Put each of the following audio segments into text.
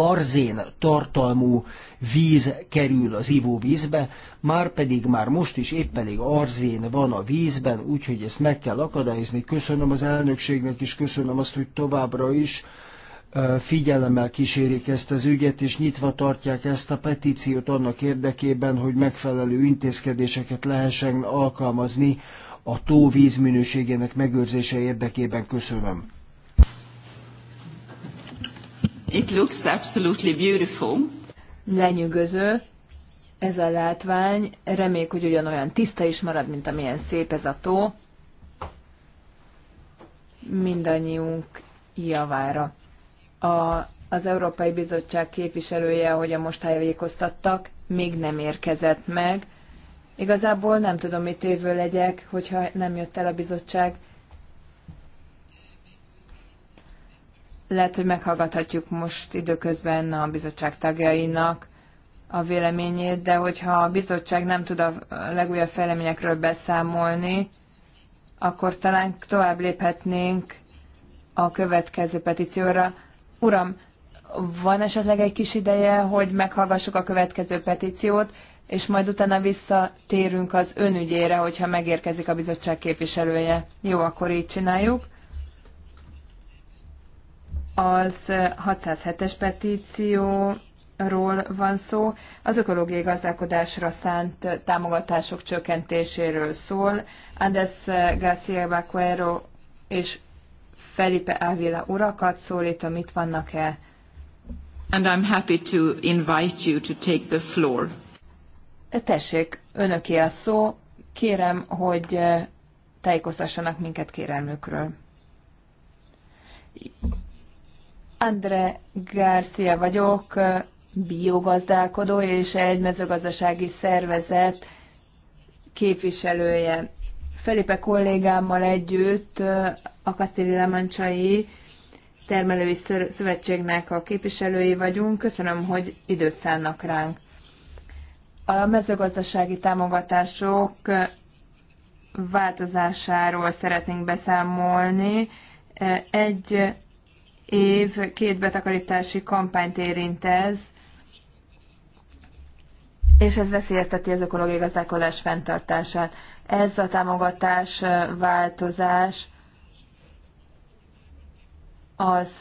arzén tartalmú víz kerül az ivóvízbe, már pedig már most is épp elég arzén van a vízben, úgyhogy ezt meg kell akadályozni. Köszönöm az elnökségnek is, köszönöm azt, hogy továbbra is figyelemmel kísérik ezt az ügyet, és nyitva tartják ezt a petíciót annak érdekében, hogy megfelelő intézkedéseket lehessen alkalmazni a tó vízminőségének megőrzése érdekében. Köszönöm. It looks absolutely beautiful. Lenyűgöző ez a látvány. Reméljük, hogy ugyanolyan tiszta is marad, mint amilyen szép ez a tó. Mindannyiunk javára. A, az Európai Bizottság képviselője, a most tájékoztattak, még nem érkezett meg. Igazából nem tudom, mit évő legyek, hogyha nem jött el a bizottság Lehet, hogy meghallgathatjuk most időközben a bizottság tagjainak a véleményét, de hogyha a bizottság nem tud a legújabb fejleményekről beszámolni, akkor talán tovább léphetnénk a következő petícióra. Uram, van esetleg egy kis ideje, hogy meghallgassuk a következő petíciót, és majd utána visszatérünk az önügyére, hogyha megérkezik a bizottság képviselője. Jó, akkor így csináljuk az 607-es petícióról van szó, az ökológiai gazdálkodásra szánt támogatások csökkentéséről szól. Andes García Bacuero és Felipe Ávila urakat szólítom, itt vannak-e? And I'm happy to invite you to take the floor. Tessék, önöké a szó. Kérem, hogy eh, tájékoztassanak minket kérelmükről. Andre Garcia vagyok, biogazdálkodó és egy mezőgazdasági szervezet képviselője. Felipe kollégámmal együtt a Kasztéli Lemancsai Termelői Szövetségnek a képviselői vagyunk. Köszönöm, hogy időt szánnak ránk. A mezőgazdasági támogatások változásáról szeretnénk beszámolni. Egy év két betakarítási kampányt érint ez, és ez veszélyezteti az ökológiai gazdálkodás fenntartását. Ez a támogatás változás az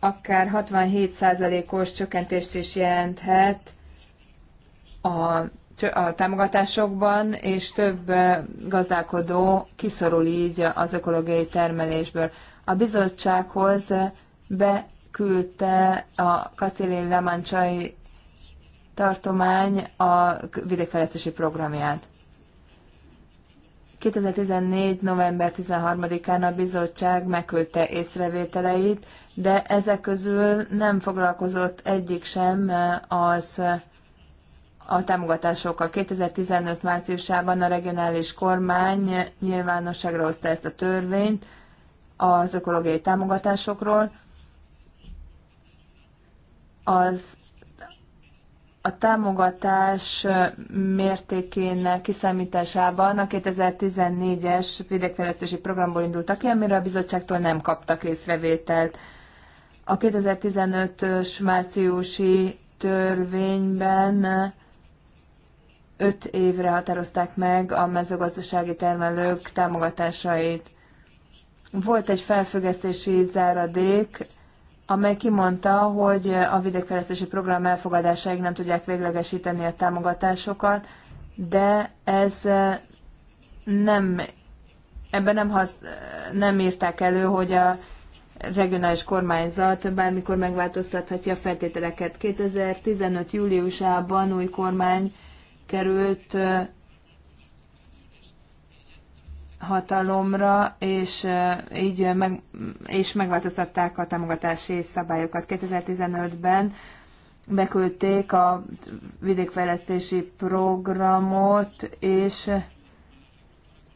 akár 67%-os csökkentést is jelenthet a a támogatásokban, és több gazdálkodó kiszorul így az ökológiai termelésből. A bizottsághoz beküldte a kaszili lemancsai tartomány a vidékfejlesztési programját. 2014. november 13-án a bizottság megküldte észrevételeit, de ezek közül nem foglalkozott egyik sem az a támogatásokkal. 2015 márciusában a regionális kormány nyilvánosságra hozta ezt a törvényt az ökológiai támogatásokról. Az a támogatás mértékének kiszámításában a 2014-es vidékfejlesztési programból indultak ki, amire a bizottságtól nem kaptak észrevételt. A 2015-ös márciusi törvényben öt évre határozták meg a mezőgazdasági termelők támogatásait. Volt egy felfüggesztési záradék, amely kimondta, hogy a vidékfejlesztési program elfogadásáig nem tudják véglegesíteni a támogatásokat, de ez eh, nem, ebben nem, hat, eh, nem írták elő, hogy a regionális kormányzat bármikor megváltoztathatja a feltételeket. 2015. júliusában új kormány került hatalomra, és így meg, és megváltoztatták a támogatási szabályokat. 2015-ben beküldték a vidékfejlesztési programot, és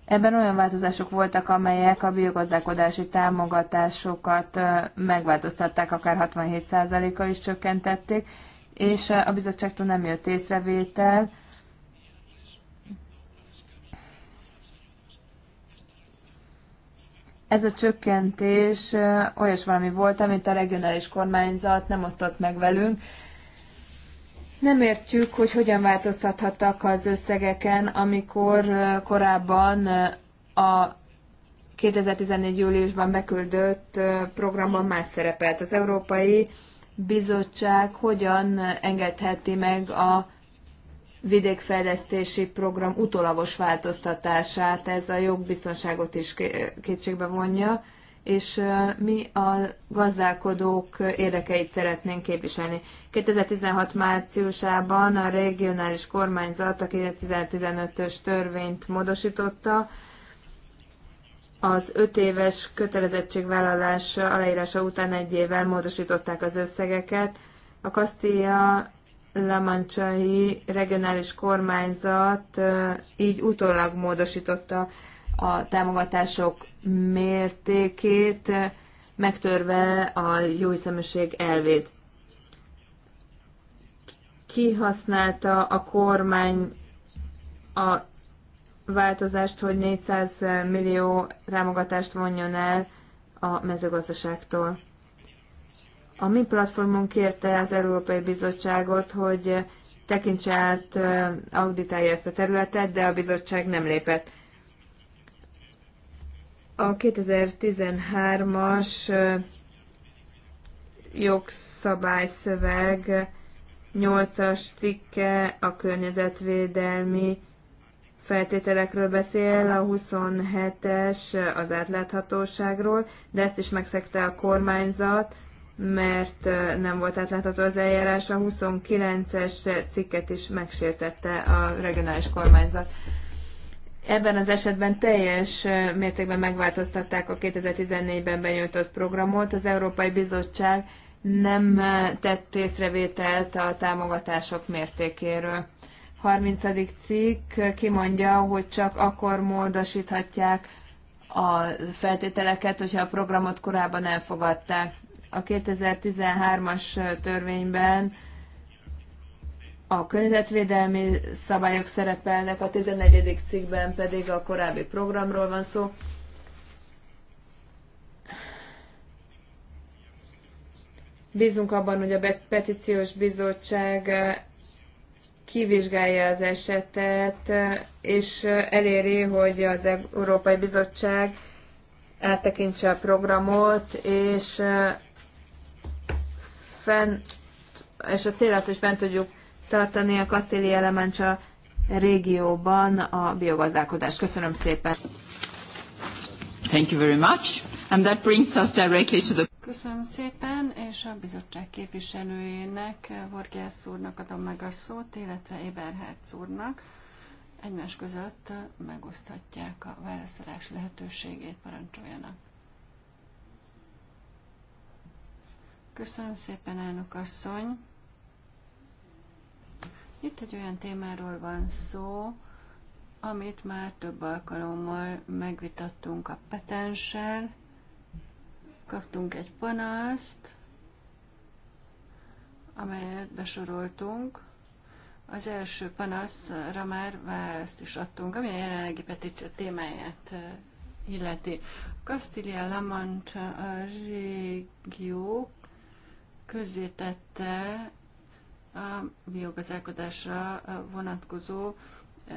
ebben olyan változások voltak, amelyek a biogazdálkodási támogatásokat megváltoztatták, akár 67%-a is csökkentették, és a bizottságtól nem jött észrevétel, Ez a csökkentés olyas valami volt, amit a regionális kormányzat nem osztott meg velünk. Nem értjük, hogy hogyan változtathattak az összegeken, amikor korábban a 2014. júliusban beküldött programban más szerepelt. Az Európai Bizottság hogyan engedheti meg a vidékfejlesztési program utólagos változtatását, ez a jogbiztonságot is kétségbe vonja, és mi a gazdálkodók érdekeit szeretnénk képviselni. 2016 márciusában a regionális kormányzat a 2015-ös törvényt módosította, az öt éves kötelezettségvállalás aláírása után egy évvel módosították az összegeket. A Kasztia Lamancsai regionális kormányzat így utólag módosította a támogatások mértékét, megtörve a jóhiszeműség elvét. Kihasználta a kormány a változást, hogy 400 millió támogatást vonjon el a mezőgazdaságtól. A mi platformon kérte az Európai Bizottságot, hogy tekintse át, auditálja ezt a területet, de a bizottság nem lépett. A 2013-as jogszabályszöveg 8-as cikke a környezetvédelmi feltételekről beszél, a 27-es az átláthatóságról, de ezt is megszegte a kormányzat, mert nem volt átlátható az eljárás, a 29-es cikket is megsértette a regionális kormányzat. Ebben az esetben teljes mértékben megváltoztatták a 2014-ben benyújtott programot. Az Európai Bizottság nem tett észrevételt a támogatások mértékéről. 30. cikk kimondja, hogy csak akkor módosíthatják a feltételeket, hogyha a programot korábban elfogadták a 2013-as törvényben a környezetvédelmi szabályok szerepelnek, a 14. cikkben pedig a korábbi programról van szó. Bízunk abban, hogy a petíciós bizottság eh, kivizsgálja az esetet, eh, és eh, eléri, hogy az Európai Bizottság áttekintse a programot, és fent, és a cél az, hogy fent tudjuk tartani a kasztéli a régióban a biogazdálkodást. Köszönöm szépen! Thank you very much. And that brings us directly to the... Köszönöm szépen, és a bizottság képviselőjének, Vargász úrnak adom meg a szót, illetve Éberherc úrnak. Egymás között megoszthatják a választás lehetőségét, parancsoljanak. Köszönöm szépen, elnök asszony. Itt egy olyan témáról van szó, amit már több alkalommal megvitattunk a petenssel. Kaptunk egy panaszt, amelyet besoroltunk. Az első panaszra már választ is adtunk, ami a jelenlegi petíció témáját illeti. Kastília-La a régió közzétette a biogazdálkodásra vonatkozó e,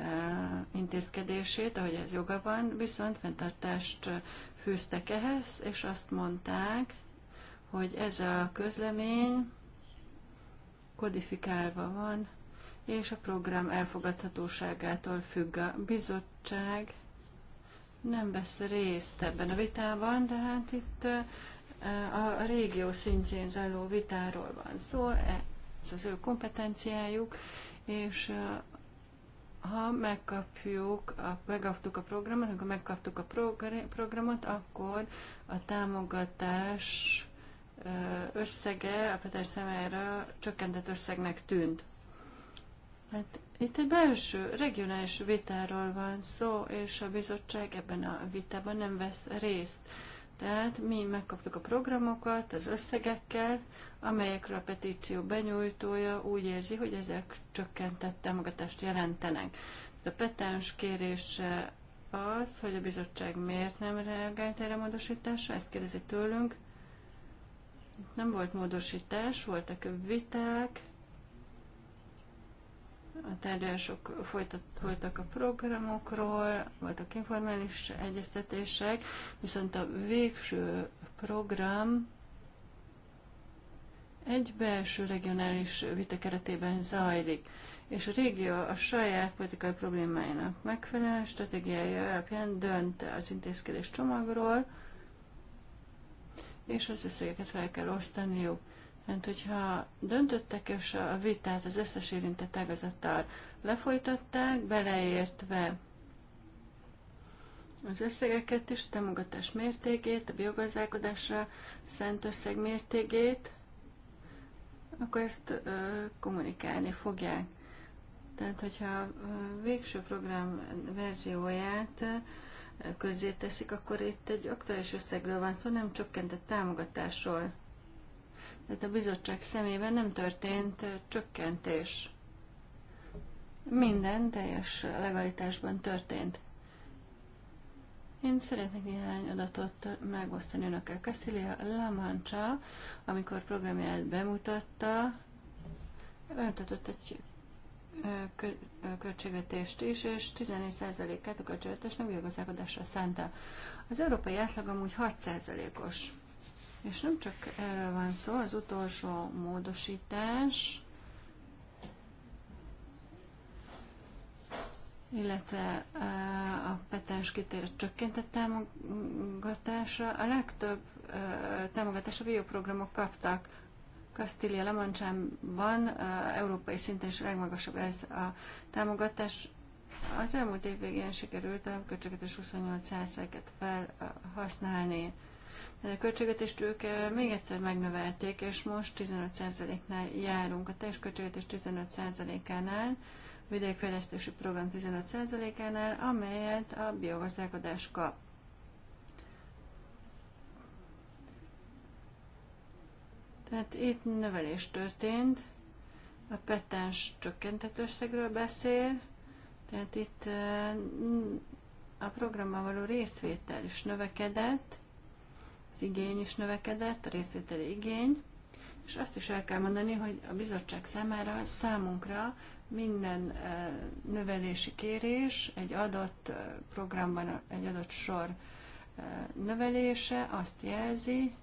intézkedését, ahogy ez joga van, viszont fenntartást fűztek ehhez, és azt mondták, hogy ez a közlemény kodifikálva van, és a program elfogadhatóságától függ a bizottság. Nem vesz részt ebben a vitában, de hát itt a régió szintjén zajló vitáról van szó, ez az ő kompetenciájuk, és ha megkapjuk, a, megkaptuk a programot, amikor megkaptuk a programot, akkor a támogatás összege a Petes szemére csökkentett összegnek tűnt. Hát itt egy belső, regionális vitáról van szó, és a bizottság ebben a vitában nem vesz részt. Uh, tehát mi megkaptuk a programokat az összegekkel, amelyekről a petíció benyújtója úgy érzi, hogy ezek csökkentett támogatást jelentenek. A petens kérése az, hogy a bizottság miért nem reagált erre a módosításra, ezt kérdezi tőlünk. Nem volt módosítás, voltak viták, a tárgyalások folytak a programokról, voltak informális egyeztetések, viszont a végső program egy belső regionális vita keretében zajlik, és a régió a saját politikai problémáinak megfelelően stratégiája alapján dönt az intézkedés csomagról, és az összegeket fel kell osztaniuk. Mert hogyha döntöttek és a vitát az összes érintett ágazattal lefolytatták, beleértve az összegeket is, a támogatás mértékét, a biogazdálkodásra szánt összeg mértékét, akkor ezt ö, kommunikálni fogják. Tehát, hogyha a végső program verzióját közzéteszik, akkor itt egy aktuális összegről van szó, nem csökkentett támogatásról tehát a bizottság szemében nem történt csökkentés. Minden teljes legalitásban történt. Én szeretnék néhány adatot megosztani önökkel. Castilia La Mancha, amikor programját bemutatta, öntetett egy költségvetést is, és 14%-át a költségvetésnek biogazdálkodásra szánta. Az európai átlag amúgy 6%-os. És nem csak erről van szó, az utolsó módosítás, illetve e, a petens kitér csökkentett támogatása. A legtöbb e, támogatás a bioprogramok kaptak. Kastília Lamancsánban e, európai szinten is a legmagasabb ez a támogatás. Az elmúlt év végén sikerült a költségvetés 28%-et felhasználni költségvetést ők eh, még egyszer megnövelték, és most 15%-nál járunk. A teljes költségvetés 15%-ánál, a vidékfejlesztési program 15%-ánál, amelyet a biogazdálkodás kap. Tehát itt növelés történt, a petens csökkentett összegről beszél, tehát itt eh, a programban való részvétel is növekedett, az igény is növekedett, a részvételi igény, és azt is el kell mondani, hogy a bizottság számára, számunkra minden növelési kérés egy adott programban, egy adott sor növelése azt jelzi,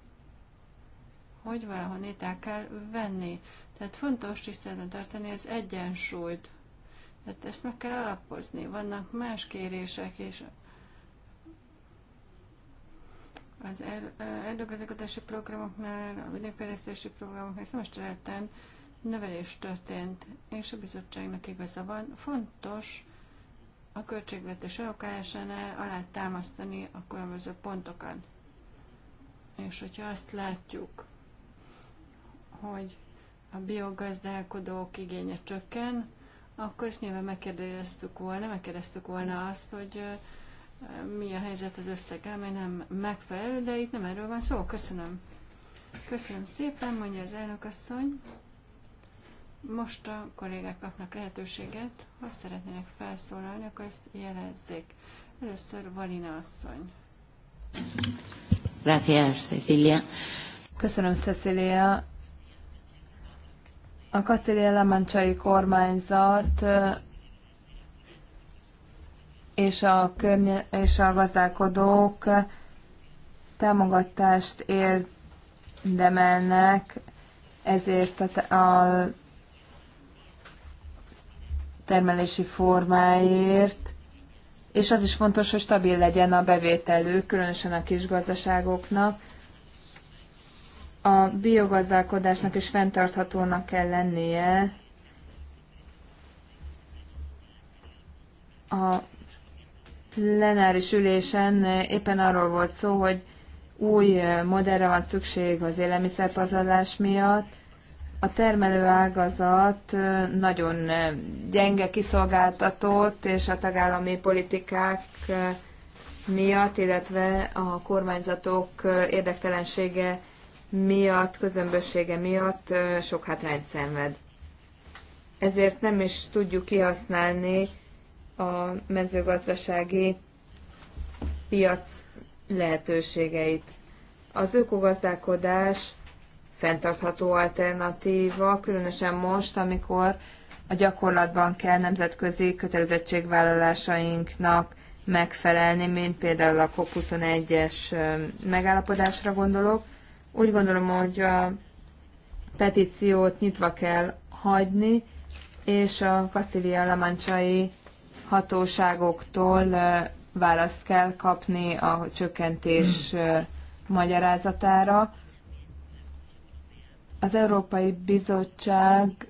hogy itt el kell venni. Tehát fontos tisztelben tartani az egyensúlyt. Tehát ezt meg kell alapozni. Vannak más kérések is, az er- erdőgazdálkodási programoknál, a vidékfejlesztési programoknál, számos területen növelés történt, és a bizottságnak igaza van. Fontos a költségvetés alá támasztani, a különböző pontokat. És hogyha azt látjuk, hogy a biogazdálkodók igénye csökken, akkor ezt nyilván megkérdeztük volna, megkérdeztük volna azt, hogy mi a helyzet az összeggel, mert nem megfelelő, de itt nem erről van szó. Köszönöm. Köszönöm szépen, mondja az elnökasszony. Most a kollégák kapnak lehetőséget, ha szeretnének felszólalni, akkor ezt jelezzék. Először Valina asszony. Gracias, Cecilia. Köszönöm, Cecilia. A castilla lemancsai kormányzat és a, környe- és a gazdálkodók támogatást érdemelnek, ezért a, a termelési formáért, és az is fontos, hogy stabil legyen a bevételő, különösen a kis gazdaságoknak A biogazdálkodásnak is fenntarthatónak kell lennie, a plenáris ülésen éppen arról volt szó, hogy új modellre van szükség az élelmiszerpazarlás miatt. A termelő ágazat nagyon gyenge kiszolgáltatott, és a tagállami politikák miatt, illetve a kormányzatok érdektelensége miatt, közömbössége miatt sok hátrányt szenved. Ezért nem is tudjuk kihasználni a mezőgazdasági piac lehetőségeit. Az ökogazdálkodás fenntartható alternatíva, különösen most, amikor a gyakorlatban kell nemzetközi kötelezettségvállalásainknak megfelelni, mint például a COP21-es megállapodásra gondolok. Úgy gondolom, hogy a petíciót nyitva kell hagyni, és a kasztília lamancsai hatóságoktól választ kell kapni a csökkentés magyarázatára. Az Európai Bizottság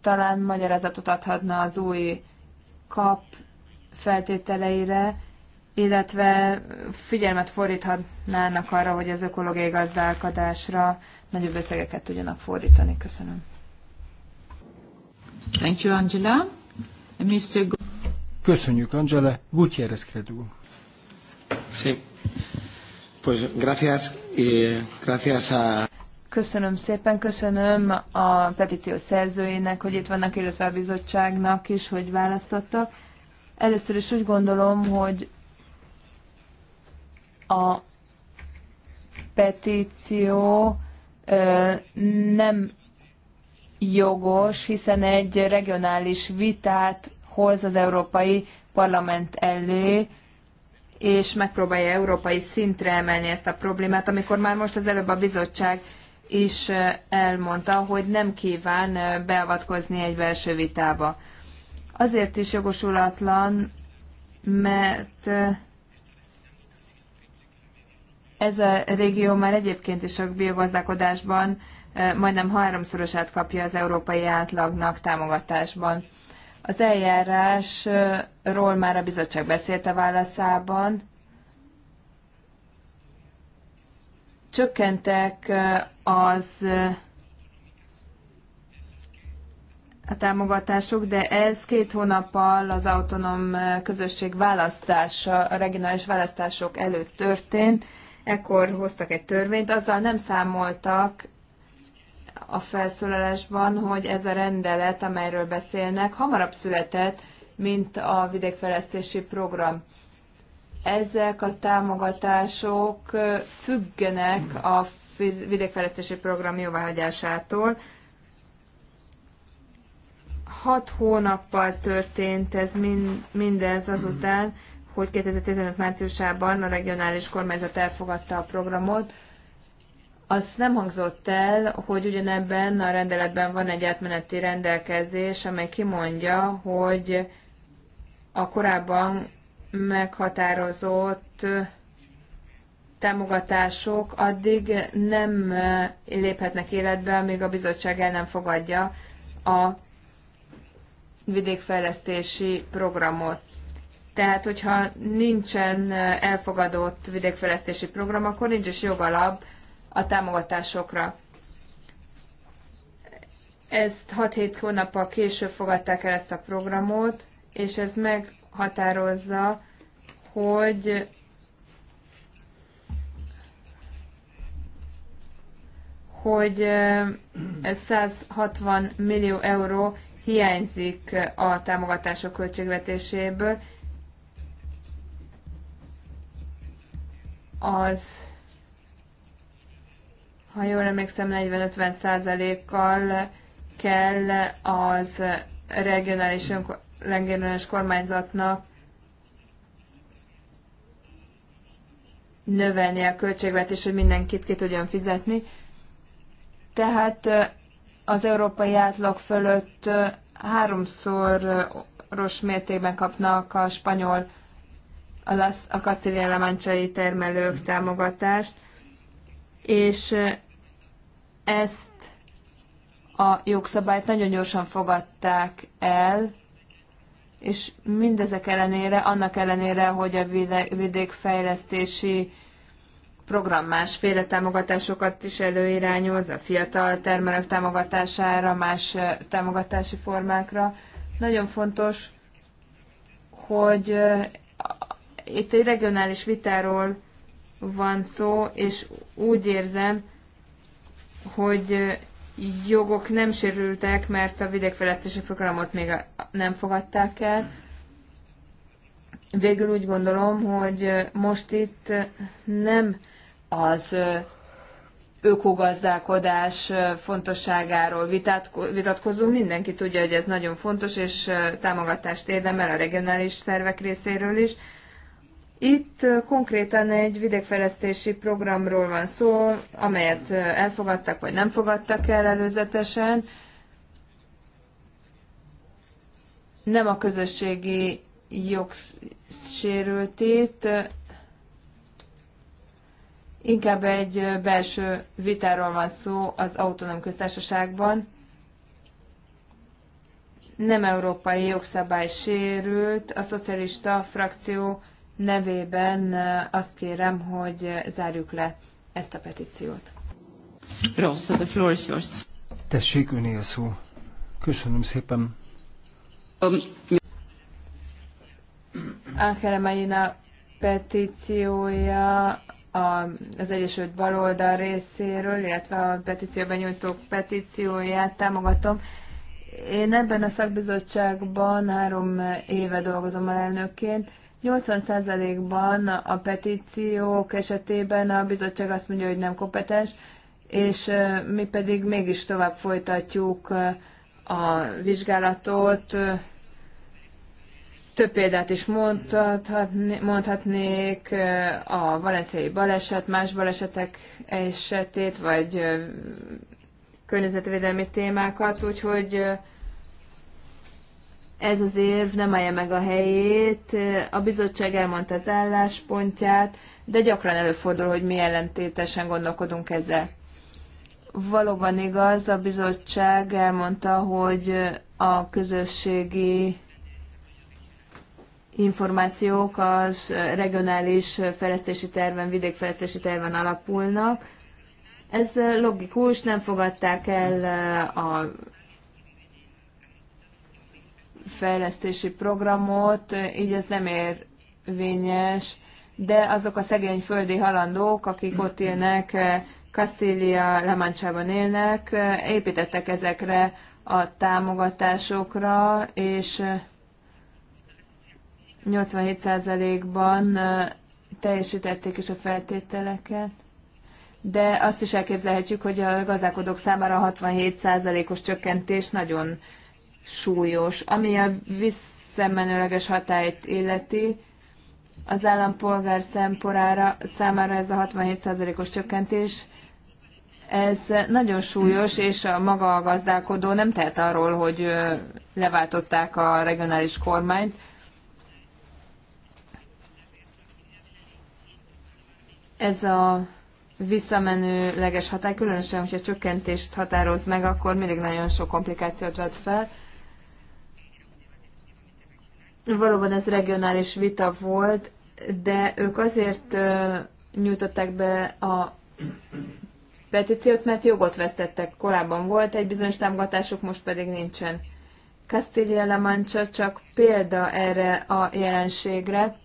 talán magyarázatot adhatna az új kap feltételeire, illetve figyelmet fordíthatnának arra, hogy az ökológiai gazdálkodásra nagyobb összegeket tudjanak fordítani. Köszönöm. Thank you, Angela. Mr. Köszönjük, Angela. Gutierrez Credu. Sí. Pues gracias, gracias a... Köszönöm szépen, köszönöm a petíció szerzőjének, hogy itt vannak, illetve a bizottságnak is, hogy választottak. Először is úgy gondolom, hogy a petíció nem jogos, hiszen egy regionális vitát hoz az Európai Parlament elé, és megpróbálja európai szintre emelni ezt a problémát, amikor már most az előbb a bizottság is elmondta, hogy nem kíván beavatkozni egy belső vitába. Azért is jogosulatlan, mert ez a régió már egyébként is a biogazdálkodásban Eh, majdnem háromszorosát kapja az európai átlagnak támogatásban. Az eljárásról már a bizottság beszélt a válaszában. Csökkentek eh, az eh, a támogatásuk, de ez két hónappal az autonóm közösség választása, a regionális választások előtt történt. Ekkor hoztak egy törvényt, azzal nem számoltak a felszólalásban, hogy ez a rendelet, amelyről beszélnek, hamarabb született, mint a vidékfejlesztési program. Ezek a támogatások függenek a vidékfejlesztési program jóváhagyásától. Hat hónappal történt ez mind, mindez azután, hogy 2015 márciusában a regionális kormányzat elfogadta a programot, az nem hangzott el, hogy ugyanebben a rendeletben van egy átmeneti rendelkezés, amely kimondja, hogy a korábban meghatározott támogatások addig nem eh, léphetnek életbe, amíg a bizottság el nem fogadja a vidékfejlesztési programot. Tehát, hogyha nincsen eh, elfogadott vidékfejlesztési program, akkor nincs is jogalap a támogatásokra. Ezt 6-7 hónappal később fogadták el ezt a programot, és ez meghatározza, hogy hogy 160 millió euró hiányzik a támogatások költségvetéséből. Az ha jól emlékszem, 40-50 százalékkal kell az regionális, regionális kormányzatnak növelni a költségvetés, hogy mindenkit ki tudjon fizetni. Tehát az európai átlag fölött háromszoros mértékben kapnak a spanyol, a kasztilien termelők támogatást és ezt a jogszabályt nagyon gyorsan fogadták el, és mindezek ellenére, annak ellenére, hogy a vidékfejlesztési program másféle támogatásokat is előirányoz, a fiatal termelők támogatására, más támogatási formákra. Nagyon fontos, hogy itt egy regionális vitáról van szó, és úgy érzem, hogy jogok nem sérültek, mert a vidékfejlesztési programot még nem fogadták el. Végül úgy gondolom, hogy most itt nem az ökogazdálkodás fontosságáról vitatkozunk. Mindenki tudja, hogy ez nagyon fontos, és támogatást érdemel a regionális szervek részéről is. Itt konkrétan egy vidékfejlesztési programról van szó, amelyet elfogadtak vagy nem fogadtak el előzetesen. Nem a közösségi jog sérült itt, inkább egy belső vitáról van szó az autonóm köztársaságban. Nem európai jogszabály sérült, a szocialista frakció nevében eh, azt kérem, hogy zárjuk le ezt a petíciót. Rossa, hát the floor is yours. Tessék, öné a szó. Köszönöm szépen. Um, Ángela Marina petíciója a, az Egyesült Baloldal részéről, illetve a petícióban nyújtók petícióját támogatom. Én ebben a szakbizottságban három éve dolgozom a elnökként, 80%-ban a petíciók esetében a bizottság azt mondja, hogy nem kompetens, és mi pedig mégis tovább folytatjuk a vizsgálatot. Több példát is mondhatnék, a valenciai baleset, más balesetek esetét, vagy környezetvédelmi témákat, úgyhogy ez az év nem állja meg a helyét, a bizottság elmondta az álláspontját, de gyakran előfordul, hogy mi ellentétesen gondolkodunk ezzel. Valóban igaz, a bizottság elmondta, hogy a közösségi információk az regionális fejlesztési terven, vidékfejlesztési terven alapulnak. Ez logikus, nem fogadták el a fejlesztési programot, így ez nem érvényes, de azok a szegény földi halandók, akik ott élnek, Kastília eh, Lemáncsában élnek, eh, építettek ezekre a támogatásokra, és 87%-ban eh, teljesítették is a feltételeket. De azt is elképzelhetjük, hogy a gazdálkodók számára 67%-os csökkentés nagyon súlyos. Ami a visszamenőleges hatályt illeti, az állampolgár szemporára, számára ez a 67%-os csökkentés, ez nagyon súlyos, és a maga a gazdálkodó nem tehet arról, hogy leváltották a regionális kormányt. Ez a visszamenőleges hatály, különösen, hogyha csökkentést határoz meg, akkor mindig nagyon sok komplikációt vet fel. Valóban ez regionális vita volt, de ők azért nyújtották be a petíciót, mert jogot vesztettek. Korábban volt egy bizonyos támogatásuk, most pedig nincsen. Castilla La Mancha csak példa erre a jelenségre.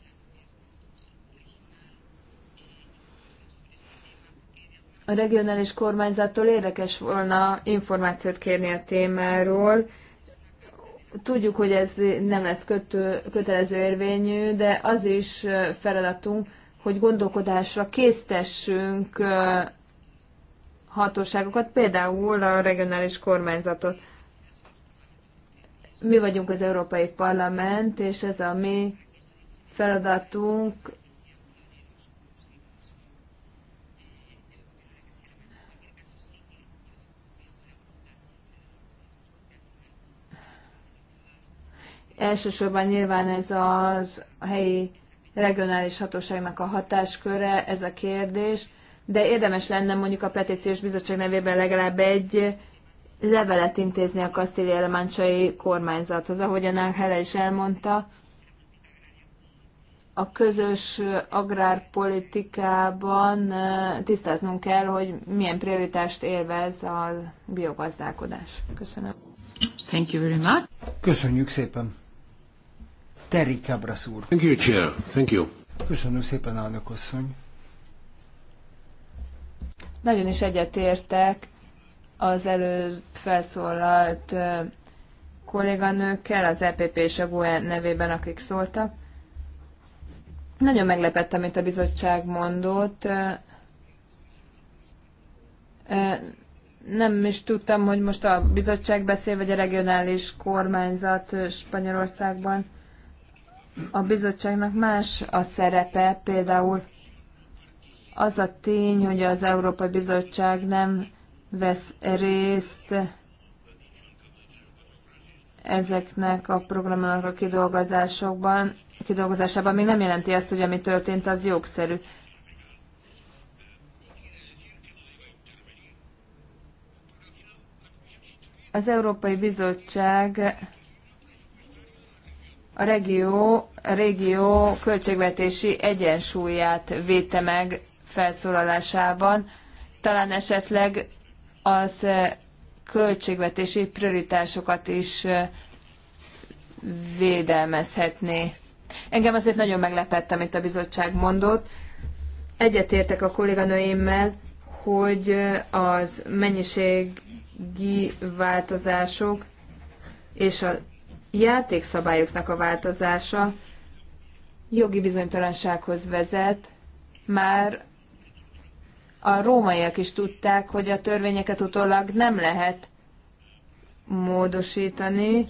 A regionális kormányzattól érdekes volna információt kérni a témáról, Tudjuk, hogy ez nem lesz kötő, kötelező érvényű, de az is feladatunk, hogy gondolkodásra késztessünk hatóságokat, például a regionális kormányzatot. Mi vagyunk az Európai Parlament, és ez a mi feladatunk Elsősorban nyilván ez az a helyi regionális hatóságnak a hatásköre, ez a kérdés, de érdemes lenne mondjuk a petíciós bizottság nevében legalább egy levelet intézni a kasztéli elemáncsai kormányzathoz. Ahogyan Ángela is elmondta, a közös agrárpolitikában eh, tisztáznunk kell, hogy milyen prioritást élvez a biogazdálkodás. Köszönöm. Thank you very much. Köszönjük szépen. Terry Cabras úr. Thank you, Chair. Thank you. Köszönöm szépen, elnök asszony. Nagyon is egyetértek az előbb felszólalt kolléganőkkel, az EPP és a GUE nevében, akik szóltak. Nagyon meglepett, amit a bizottság mondott. Nem is tudtam, hogy most a bizottság beszél, vagy a regionális kormányzat Spanyolországban a bizottságnak más a szerepe, például az a tény, hogy az Európai Bizottság nem vesz részt ezeknek a programoknak a kidolgozásokban, kidolgozásában még nem jelenti azt, hogy ami történt, az jogszerű. Az Európai Bizottság a regió, a régió költségvetési egyensúlyát védte meg felszólalásában. Talán esetleg az eh, költségvetési prioritásokat is eh, védelmezhetné. Engem azért nagyon meglepett, amit a bizottság mondott. Egyetértek a kolléganőimmel, hogy eh, az mennyiségi változások és a játékszabályoknak a változása jogi bizonytalansághoz vezet, már a rómaiak is tudták, hogy a törvényeket utólag nem lehet módosítani,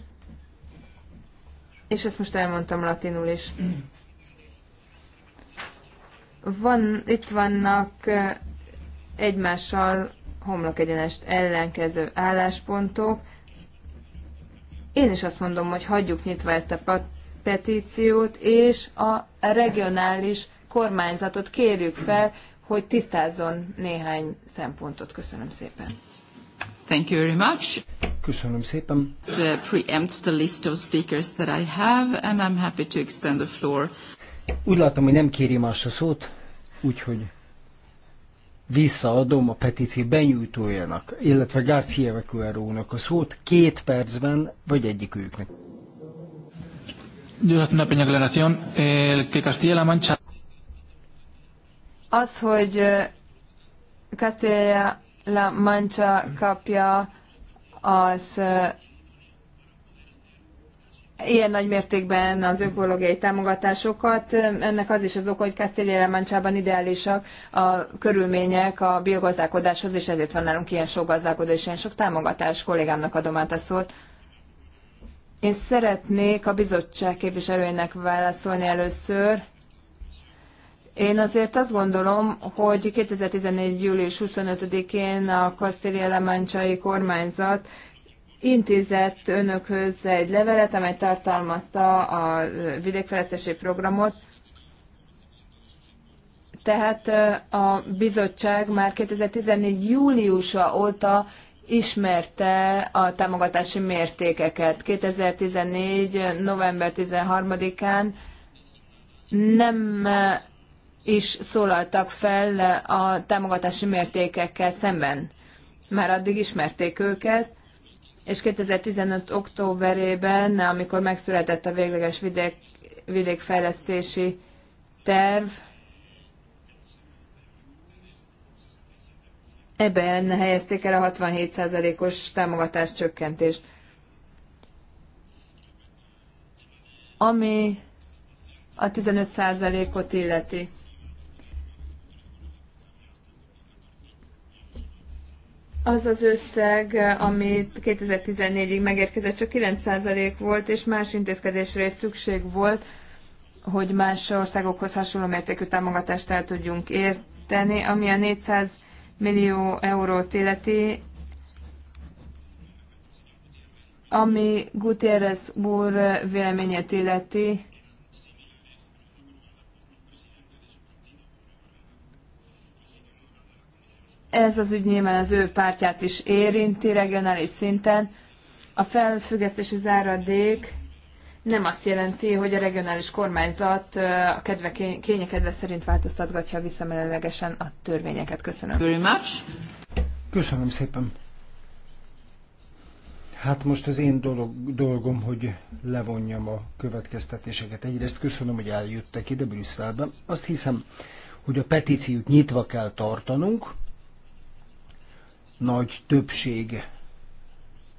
és ezt most elmondtam latinul is. Van, itt vannak eh, egymással homlok egyenest ellenkező álláspontok, én is azt mondom, hogy hagyjuk nyitva ezt a petíciót, és a regionális kormányzatot kérjük fel, hogy tisztázzon néhány szempontot. Köszönöm szépen. Thank you very much. Köszönöm szépen. The uh, preempts the list of speakers that I have, and I'm happy to extend the floor. Úgy látom, hogy nem kéri más a szót, úgyhogy visszaadom a petíció benyújtójának, illetve García Vecuero-nak a szót két percben, vagy egyik őknek. Az, hogy Castilla-La Mancha kapja az ilyen nagy mértékben az ökológiai támogatásokat. Ennek az is az oka, hogy Castilla ideálisak a körülmények a biogazdálkodáshoz, és ezért van nálunk ilyen sok gazdálkodó és ilyen sok támogatás. Kollégámnak adom át a szót. Én szeretnék a bizottság képviselőjének válaszolni először. Én azért azt gondolom, hogy 2014. július 25-én a Castilla-La kormányzat intézett önökhöz egy levelet, amely tartalmazta a vidékfejlesztési programot, tehát a bizottság már 2014. júliusa óta ismerte a támogatási mértékeket. 2014. november 13-án nem is szólaltak fel a támogatási mértékekkel szemben. Már addig ismerték őket, és 2015. októberében, amikor megszületett a végleges vidék, vidékfejlesztési terv, ebben helyezték el a 67%-os támogatás csökkentést. Ami a 15%-ot illeti. az az összeg, amit 2014-ig megérkezett, csak 9% volt, és más intézkedésre is szükség volt, hogy más országokhoz hasonló mértékű támogatást el tudjunk érteni, ami a 400 millió eurót illeti, ami Gutierrez úr véleményét illeti, Ez az ügy nyilván az ő pártját is érinti regionális szinten. A felfüggesztési záradék nem azt jelenti, hogy a regionális kormányzat a kedve, kényekedve szerint változtatgatja visszamenőlegesen a törvényeket. Köszönöm. Very much. Köszönöm szépen. Hát most az én dolog, dolgom, hogy levonjam a következtetéseket. Egyrészt köszönöm, hogy eljöttek ide Brüsszelbe. Azt hiszem, hogy a petíciót nyitva kell tartanunk, nagy többség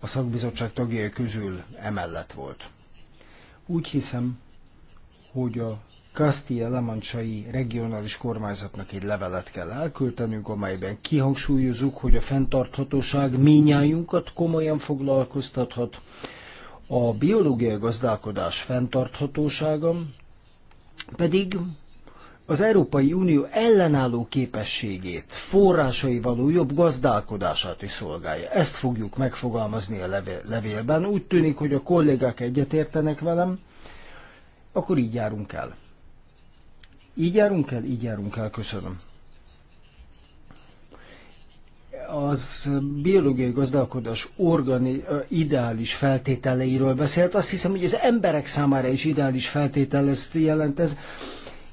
a szakbizottság tagjai közül emellett volt. Úgy hiszem, hogy a castilla lemancsai regionális kormányzatnak egy levelet kell elküldenünk, amelyben kihangsúlyozzuk, hogy a fenntarthatóság minnyájunkat komolyan foglalkoztathat. A biológiai gazdálkodás fenntarthatósága pedig az Európai Unió ellenálló képességét, forrásai való jobb gazdálkodását is szolgálja. Ezt fogjuk megfogalmazni a levélben. Úgy tűnik, hogy a kollégák egyetértenek velem, akkor így járunk el. Így járunk el? Így járunk el, köszönöm. Az biológiai gazdálkodás organi, ideális feltételeiről beszélt. Azt hiszem, hogy az emberek számára is ideális feltétel ezt jelent ez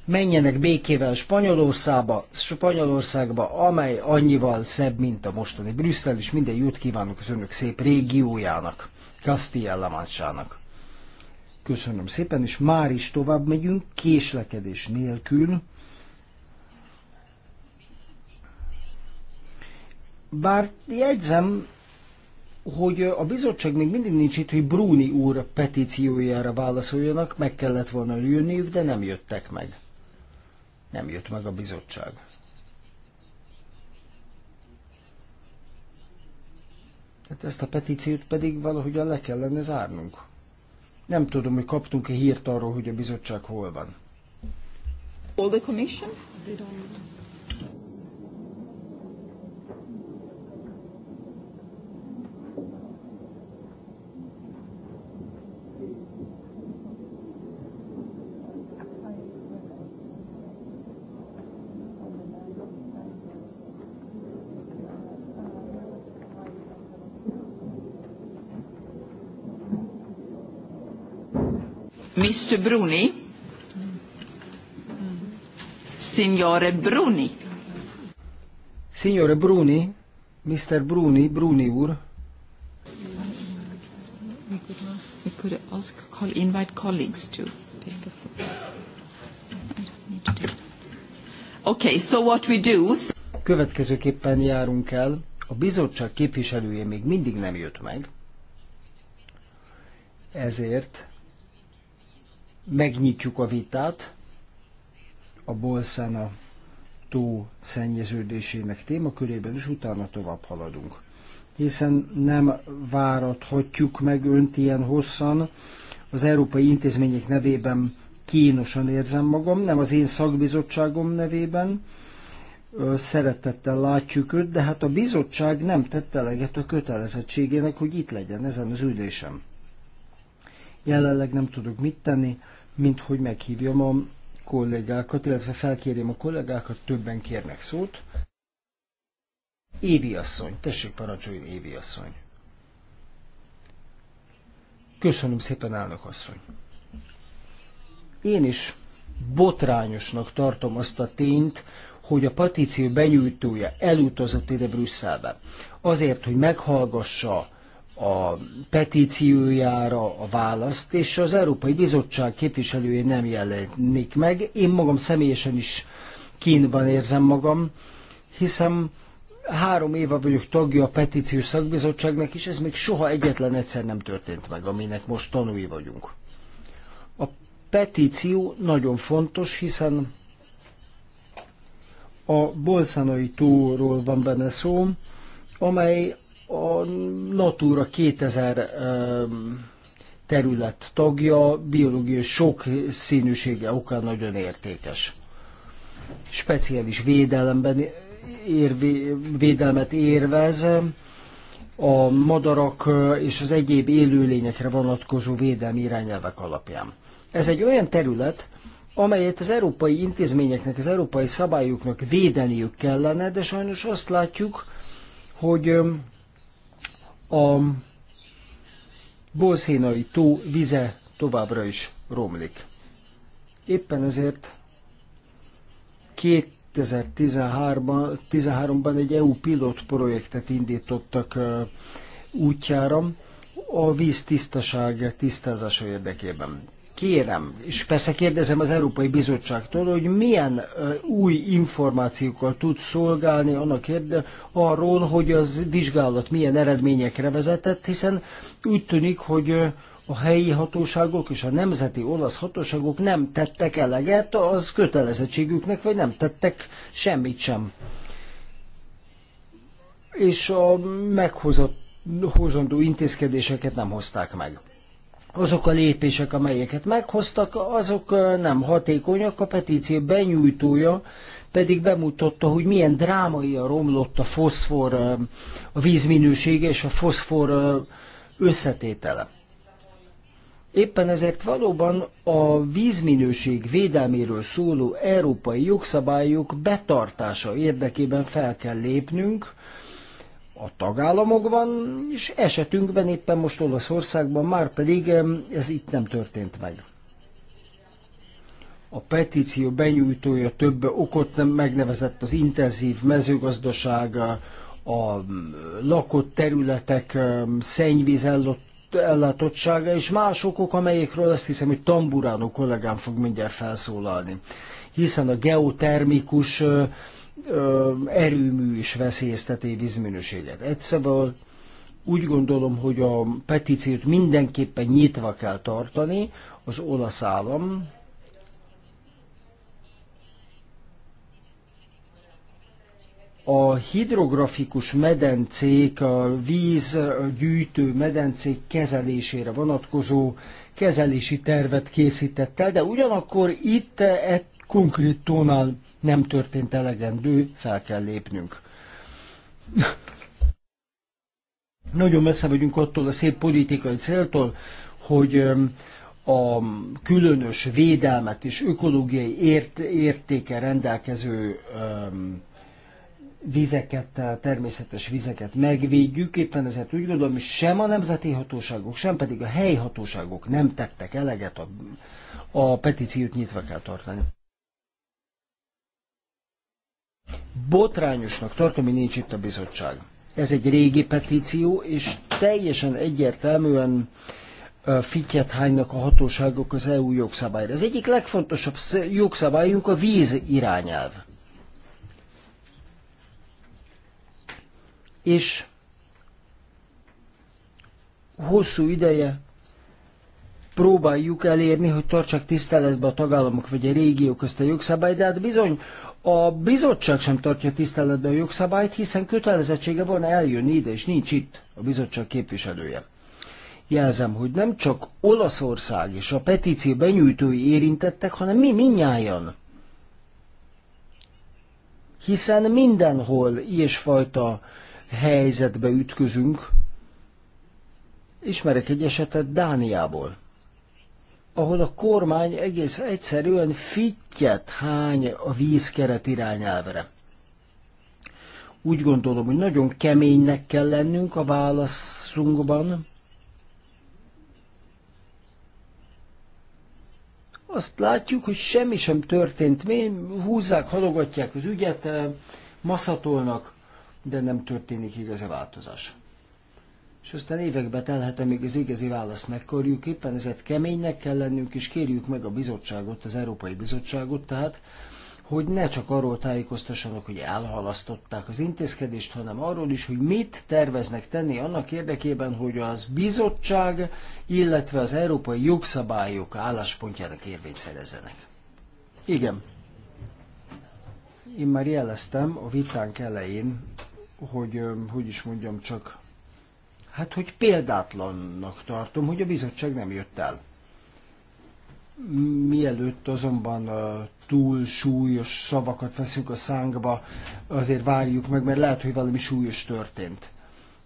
menjenek békével Spanyolországba, Spanyolországba, amely annyival szebb, mint a mostani Brüsszel, és minden jót kívánok az önök szép régiójának, Castilla-La Köszönöm szépen, és már is tovább megyünk, késlekedés nélkül. Bár jegyzem, hogy a bizottság még mindig nincs itt, hogy Bruni úr petíciójára válaszoljanak, meg kellett volna jönniük, de nem jöttek meg nem jött meg a bizottság. Tehát ezt a petíciót pedig valahogyan le kellene zárnunk. Nem tudom, hogy kaptunk-e hírt arról, hogy a bizottság hol van. All the commission? They don't... Mr. Bruni. Signore Bruni. Signore Bruni, Mr. Bruni, Bruni ur, We could ask, call, invite colleagues to take the floor. Okay, so what we do... Következőképpen járunk el. A bizottság képviselője még mindig nem jött meg. Ezért megnyitjuk a vitát a Bolszána tó szennyeződésének témakörében, és utána tovább haladunk. Hiszen nem várathatjuk meg önt ilyen hosszan, az európai intézmények nevében kínosan érzem magam, nem az én szakbizottságom nevében, szeretettel látjuk őt, de hát a bizottság nem tette eleget a kötelezettségének, hogy itt legyen ezen az ülésem. Jelenleg nem tudok mit tenni, mint hogy meghívjam a kollégákat, illetve felkérjem a kollégákat, többen kérnek szót. Évi asszony, tessék parancsolj, Évi asszony. Köszönöm szépen, állnak asszony. Én is botrányosnak tartom azt a tényt, hogy a patíció benyújtója elutazott ide Brüsszelbe. Azért, hogy meghallgassa a petíciójára a választ, és az Európai Bizottság képviselője nem jelenik meg. Én magam személyesen is kínban érzem magam, hiszen három éve vagyok tagja a petíciós szakbizottságnak, és ez még soha egyetlen egyszer nem történt meg, aminek most tanúi vagyunk. A petíció nagyon fontos, hiszen a bolszanai túról van benne szó, amely a Natura 2000 terület tagja, biológiai sok színűsége okán nagyon értékes. Speciális védelemben ér, védelmet érvez, a madarak és az egyéb élőlényekre vonatkozó védelmi irányelvek alapján. Ez egy olyan terület, amelyet az európai intézményeknek, az európai szabályoknak védeniük kellene, de sajnos azt látjuk, hogy a bolszénai tó vize továbbra is romlik. Éppen ezért 2013-ban 13 egy EU pilot projektet indítottak útjára a víz tisztaság tisztázása érdekében kérem, és persze kérdezem az Európai Bizottságtól, hogy milyen új információkkal tud szolgálni annak érde arról, hogy az vizsgálat milyen eredményekre vezetett, hiszen úgy tűnik, hogy a helyi hatóságok és a nemzeti olasz hatóságok nem tettek eleget az kötelezettségüknek, vagy nem tettek semmit sem. És a meghozott hozandó intézkedéseket nem hozták meg azok a lépések, amelyeket meghoztak, azok nem hatékonyak, a petíció benyújtója pedig bemutatta, hogy milyen drámai a romlott a foszfor, a vízminősége és a foszfor összetétele. Éppen ezért valóban a vízminőség védelméről szóló európai jogszabályok betartása érdekében fel kell lépnünk, a tagállamokban, és esetünkben éppen most Olaszországban, már pedig ez itt nem történt meg. A petíció benyújtója több okot nem megnevezett az intenzív mezőgazdaság, a lakott területek szennyvízellátottsága és más okok, amelyekről azt hiszem, hogy Tamburánó kollégám fog mindjárt felszólalni. Hiszen a geotermikus erőmű és veszélyezteti vízminőséget. Egyszerűen szóval úgy gondolom, hogy a petíciót mindenképpen nyitva kell tartani, az olasz állam a hidrografikus medencék, a vízgyűjtő medencék kezelésére vonatkozó kezelési tervet készítette. de ugyanakkor itt e- egy konkrét tónál nem történt elegendő, fel kell lépnünk. Nagyon messze vagyunk attól a szép politikai céltól, hogy a különös védelmet és ökológiai ért, értéke rendelkező um, vizeket, természetes vizeket megvédjük, éppen ezért úgy gondolom, hogy sem a nemzeti hatóságok, sem pedig a helyi hatóságok nem tettek eleget, a, a petíciót nyitva kell tartani. Botrányosnak tartom, hogy nincs itt a bizottság. Ez egy régi petíció, és teljesen egyértelműen fityet hánynak a hatóságok az EU jogszabályra. Az egyik legfontosabb jogszabályunk a víz irányelv. És hosszú ideje próbáljuk elérni, hogy tartsák tiszteletbe a tagállamok vagy a régiók ezt a jogszabályt, de hát bizony a bizottság sem tartja tiszteletben a jogszabályt, hiszen kötelezettsége van eljönni ide, és nincs itt a bizottság képviselője. Jelzem, hogy nem csak Olaszország és a petíció benyújtói érintettek, hanem mi minnyáján. Hiszen mindenhol ilyesfajta helyzetbe ütközünk. Ismerek egy esetet Dániából ahol a kormány egész egyszerűen fittyet hány a vízkeret irányelvre. Úgy gondolom, hogy nagyon keménynek kell lennünk a válaszunkban. Azt látjuk, hogy semmi sem történt. Mi húzzák, halogatják az ügyet, eh, maszatolnak, de nem történik igazi változás és aztán évekbe telhet, amíg az igazi választ megkarjuk. Éppen ezért keménynek kell lennünk, és kérjük meg a bizottságot, az Európai Bizottságot tehát, hogy ne csak arról tájékoztassanak, hogy elhalasztották az intézkedést, hanem arról is, hogy mit terveznek tenni annak érdekében, hogy az bizottság, illetve az európai jogszabályok álláspontjának érvényt szerezzenek. Igen. Én már jeleztem a vitánk elején, hogy, hogy is mondjam, csak Hát, hogy példátlannak tartom, hogy a bizottság nem jött el. Mielőtt azonban túl súlyos szavakat veszünk a szánkba, azért várjuk meg, mert lehet, hogy valami súlyos történt.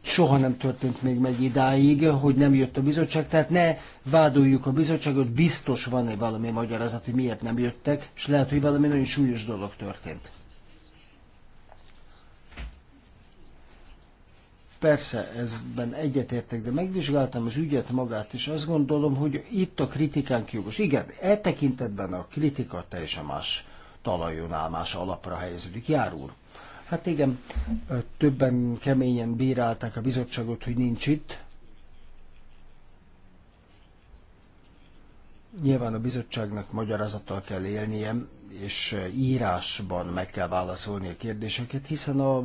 Soha nem történt még meg idáig, hogy nem jött a bizottság, tehát ne vádoljuk a bizottságot, biztos van-e valami magyarázat, hogy miért nem jöttek, és lehet, hogy valami nagyon súlyos dolog történt. Persze, ezben egyetértek, de megvizsgáltam az ügyet magát, és azt gondolom, hogy itt a kritikánk jogos. Igen, e tekintetben a kritika teljesen más talajon áll, más alapra helyeződik. Jár úr. Hát igen, többen keményen bírálták a bizottságot, hogy nincs itt. Nyilván a bizottságnak magyarázattal kell élnie, és írásban meg kell válaszolni a kérdéseket, hiszen a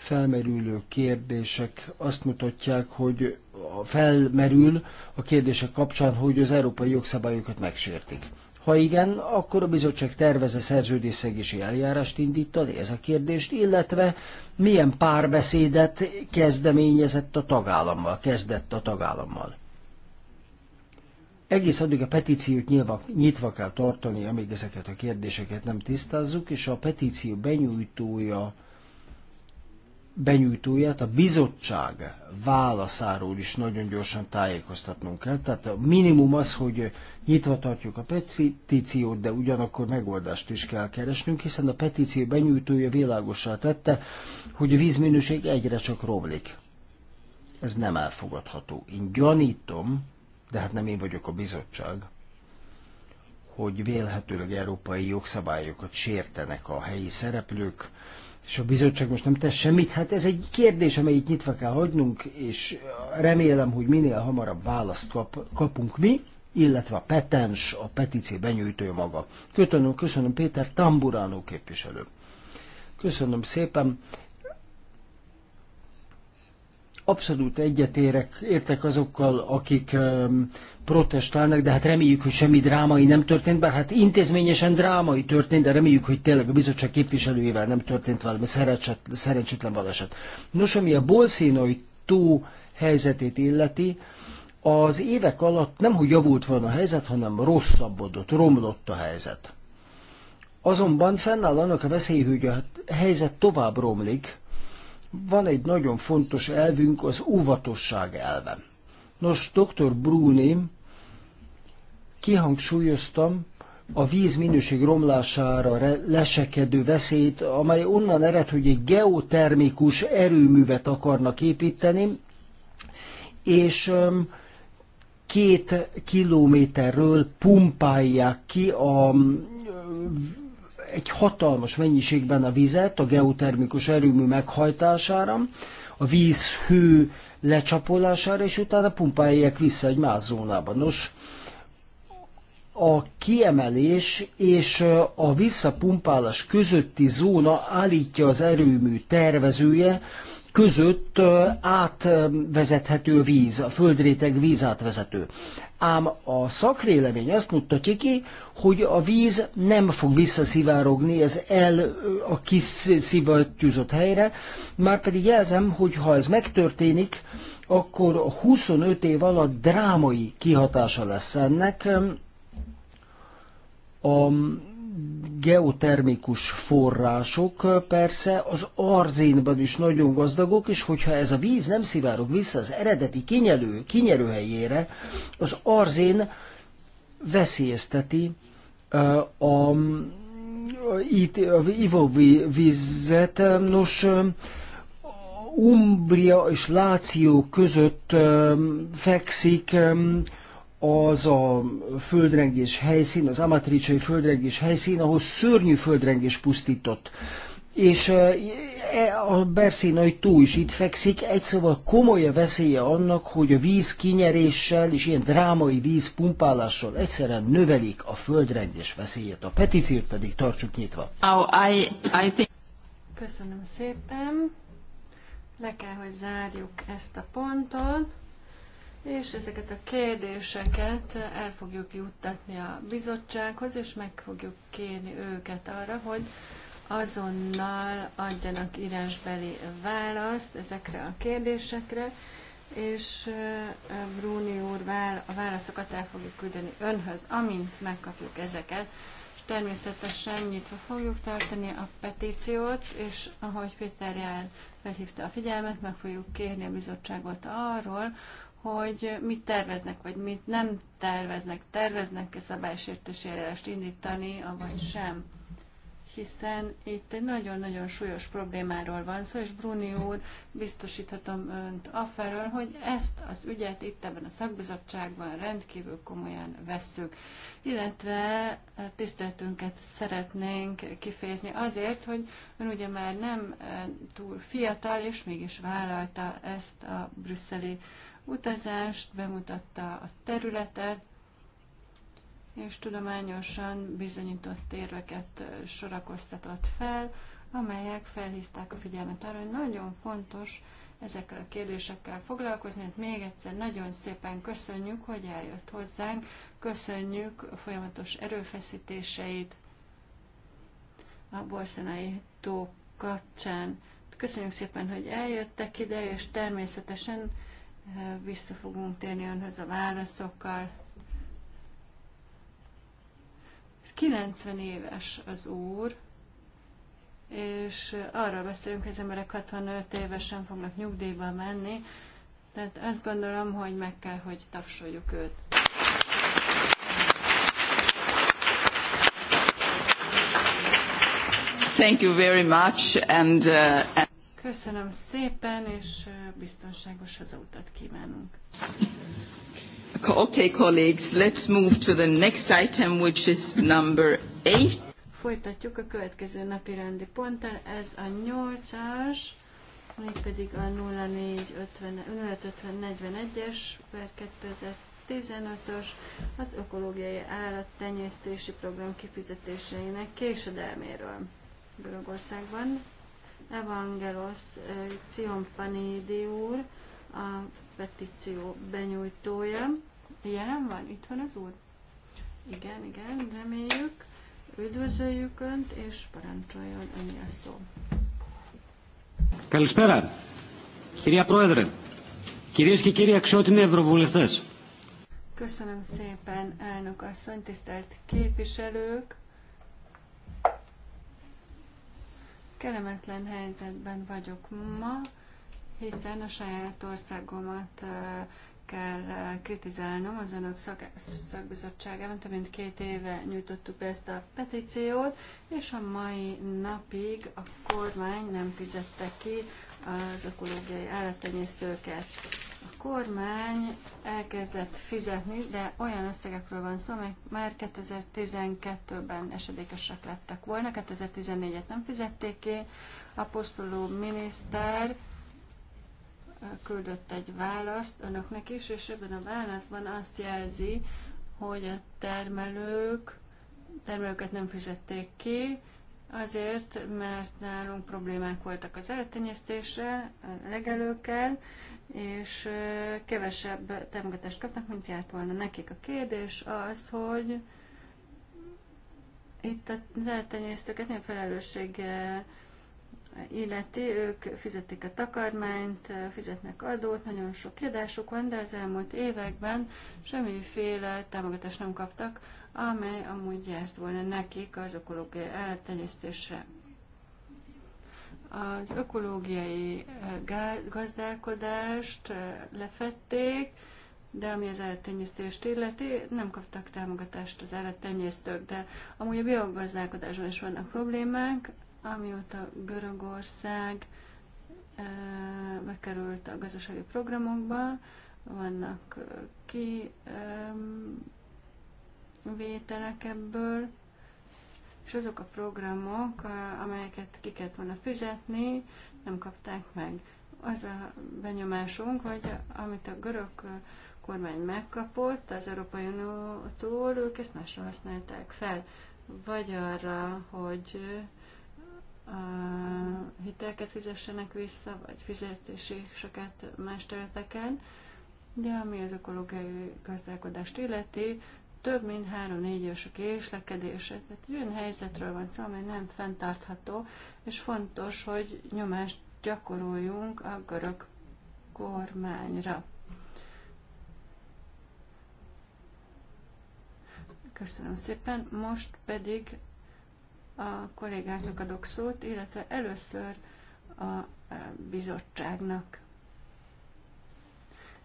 felmerülő kérdések azt mutatják, hogy felmerül a kérdések kapcsán, hogy az európai jogszabályokat megsértik. Ha igen, akkor a bizottság terveze szerződésszegési eljárást indítani ez a kérdést, illetve milyen párbeszédet kezdeményezett a tagállammal, kezdett a tagállammal. Egész addig a petíciót nyilva, nyitva kell tartani, amíg ezeket a kérdéseket nem tisztázzuk, és a petíció benyújtója benyújtóját, a bizottság válaszáról is nagyon gyorsan tájékoztatnunk kell. Tehát a minimum az, hogy nyitva tartjuk a petíciót, de ugyanakkor megoldást is kell keresnünk, hiszen a petíció benyújtója világosá tette, hogy a vízminőség egyre csak roblik. Ez nem elfogadható. Én gyanítom, de hát nem én vagyok a bizottság, hogy vélhetőleg európai jogszabályokat sértenek a helyi szereplők, és a bizottság most nem tesz semmit, hát ez egy kérdés, amelyet nyitva kell hagynunk, és remélem, hogy minél hamarabb választ kap, kapunk mi, illetve a petens, a petíció benyújtő maga. Köszönöm, köszönöm Péter Tamburánó képviselő. Köszönöm szépen. Abszolút egyetérek, értek azokkal, akik protestálnak, de hát reméljük, hogy semmi drámai nem történt, bár hát intézményesen drámai történt, de reméljük, hogy tényleg a bizottság képviselőjével nem történt valami szerencsétlen baleset. Nos, ami a bolszínai tó helyzetét illeti, az évek alatt nem, hogy javult volna a helyzet, hanem rosszabbodott, romlott a helyzet. Azonban fennáll annak a veszély, hogy a helyzet tovább romlik. Van egy nagyon fontos elvünk, az óvatosság elve. Nos, dr. Bruni kihangsúlyoztam a víz minőség romlására lesekedő veszélyt, amely onnan ered, hogy egy geotermikus erőművet akarnak építeni, és két kilométerről pumpálják ki a, egy hatalmas mennyiségben a vizet a geotermikus erőmű meghajtására, a víz hő lecsapolására, és utána pumpálják vissza egy más zónába. Nos, a kiemelés és a visszapumpálás közötti zóna állítja az erőmű tervezője, között átvezethető víz, a földréteg víz átvezető. Ám a szakvélemény azt mutatja ki, hogy a víz nem fog visszaszivárogni ez el a kis szivattyúzott helyre, már pedig jelzem, hogy ha ez megtörténik, akkor 25 év alatt drámai kihatása lesz ennek, a geotermikus források persze az arzénban is nagyon gazdagok, és hogyha ez a víz nem szivárog vissza az eredeti kinyelő, kinyerőhelyére, az arzén veszélyezteti a itt ivóvízet, nos, Umbria és Láció között fekszik az a földrengés helyszín, az amatricsai földrengés helyszín, ahol szörnyű földrengés pusztított. És e, e, a berszénai tó is itt fekszik, egy szóval komoly a veszélye annak, hogy a víz kinyeréssel és ilyen drámai víz pumpálással egyszerűen növelik a földrengés veszélyét. A petíciót pedig tartsuk nyitva. Oh, I, I think... Köszönöm szépen. Le kell, hogy zárjuk ezt a pontot és ezeket a kérdéseket el fogjuk juttatni a bizottsághoz, és meg fogjuk kérni őket arra, hogy azonnal adjanak írásbeli választ ezekre a kérdésekre, és Bruni úr a válaszokat el fogjuk küldeni önhöz, amint megkapjuk ezeket. És természetesen nyitva fogjuk tartani a petíciót, és ahogy Péter Jár felhívta a figyelmet, meg fogjuk kérni a bizottságot arról, hogy mit terveznek, vagy mit nem terveznek. Terveznek-e szabálysértési eljárást indítani, avagy sem? Hiszen itt egy nagyon-nagyon súlyos problémáról van szó, és Bruni úr, biztosíthatom önt afelől, hogy ezt az ügyet itt ebben a szakbizottságban rendkívül komolyan vesszük. Illetve eh, tiszteletünket szeretnénk kifejezni azért, hogy ön ugye már nem eh, túl fiatal, és mégis vállalta ezt a brüsszeli utazást, bemutatta a területet, és tudományosan bizonyított érveket sorakoztatott fel, amelyek felhívták a figyelmet arra, hogy nagyon fontos ezekkel a kérdésekkel foglalkozni. Hát még egyszer nagyon szépen köszönjük, hogy eljött hozzánk, köszönjük a folyamatos erőfeszítéseit a borszenai tó kapcsán. Köszönjük szépen, hogy eljöttek ide, és természetesen vissza fogunk térni önhöz a válaszokkal. 90 éves az úr, és arról beszélünk, hogy az emberek 65 évesen fognak nyugdíjba menni, tehát azt gondolom, hogy meg kell, hogy tapsoljuk őt. Thank you very much, and, uh, and Köszönöm szépen, és biztonságos az utat kívánunk. Okay, colleagues, let's move to the next item, which is number eight. Folytatjuk a következő napi rendi ponttal, ez a nyolcas, pedig a 0450 es per 2015-ös, az ökológiai állattenyésztési program kifizetéseinek késedelméről Görögországban. Evangelos Cionpanédi úr, a petíció benyújtója. Jelen van? Itt van az úr? Igen, igen, reméljük. Üdvözöljük Önt, és parancsoljon Önni a szó. Καλησπέρα, κυρία Πρόεδρε, κυρίες και κύριοι αξιότιμοι ευρωβουλευτές. Köszönöm szépen, elnök asszony, tisztelt képviselők! Kellemetlen helyzetben vagyok ma, hiszen a saját országomat kell kritizálnom az önök szak- szakbizottságában. Több mint két éve nyújtottuk be ezt a petíciót, és a mai napig a kormány nem fizette ki az ökológiai állattenyésztőket. A kormány elkezdett fizetni, de olyan összegekről van szó, amelyek már 2012-ben esedékesek lettek volna, 2014-et nem fizették ki. Apostoló miniszter küldött egy választ önöknek is, és ebben a válaszban azt jelzi, hogy a termelők termelőket nem fizették ki, azért, mert nálunk problémák voltak az eltenyésztéssel, a legelőkkel, és kevesebb támogatást kapnak, mint járt volna nekik. A kérdés az, hogy itt a eltenyésztőket nem felelősség illeti, ők fizetik a takarmányt, fizetnek adót, nagyon sok kiadásuk van, de az elmúlt években semmiféle támogatást nem kaptak, amely amúgy járt volna nekik az ökológiai állattenyésztésre. Az ökológiai eh, gazdálkodást eh, lefették, de ami az állattenyésztést illeti, nem kaptak támogatást az állattenyésztők, de amúgy a biogazdálkodásban is vannak problémák, amióta Görögország eh, bekerült a gazdasági programokba, vannak ki vételek ebből, és azok a programok, amelyeket ki kellett volna fizetni, nem kapták meg. Az a benyomásunk, hogy amit a görög kormány megkapott az Európai Uniótól, ők ezt másra használták fel. Vagy arra, hogy a hitelket fizessenek vissza, vagy fizetési sokat más területeken, de ami az ökológiai gazdálkodást illeti, több mint három-négy éves a késlekedése. Tehát egy olyan helyzetről van szó, amely nem fenntartható, és fontos, hogy nyomást gyakoroljunk a görög kormányra. Köszönöm szépen. Most pedig a kollégáknak adok szót, illetve először a bizottságnak.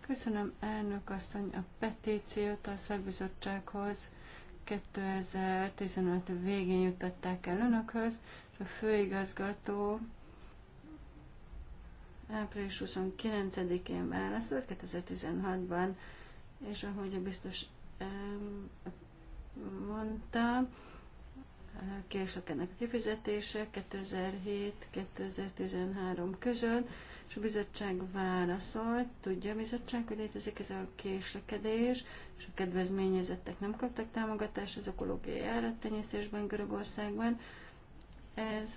Köszönöm elnök asszony a petíciót a szakbizottsághoz. 2015 végén jutották el önökhöz, és a főigazgató április 29-én válaszolt, 2016-ban, és ahogy a biztos mondta, késlek ennek a kifizetése 2007-2013 között, és a bizottság válaszolt, tudja a bizottság, hogy létezik ez a késlekedés, és a kedvezményezettek nem kaptak támogatást az ökológiai állattenyésztésben Görögországban. Ez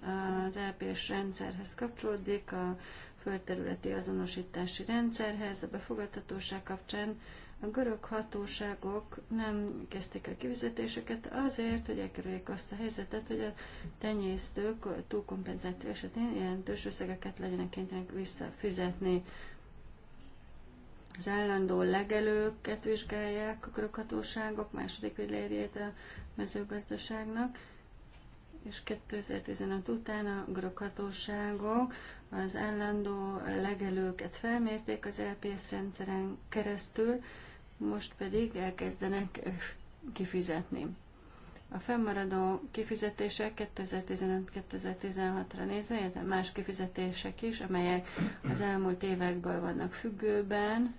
az LPS e rendszerhez kapcsolódik, a földterületi azonosítási rendszerhez, a befogadhatóság kapcsán a görög hatóságok nem kezdték el kivizetéseket azért, hogy elkerüljék azt a helyzetet, hogy a tenyésztők túlkompenzáció esetén jelentős összegeket legyenek kénytelenek visszafizetni. Az állandó legelőket vizsgálják a görög hatóságok, második pillérjét a mezőgazdaságnak és 2015 után a görög hatóságok az állandó legelőket felmérték az LPS rendszeren keresztül, most pedig elkezdenek kifizetni. A fennmaradó kifizetések 2015-2016-ra nézve, illetve más kifizetések is, amelyek az elmúlt évekből vannak függőben,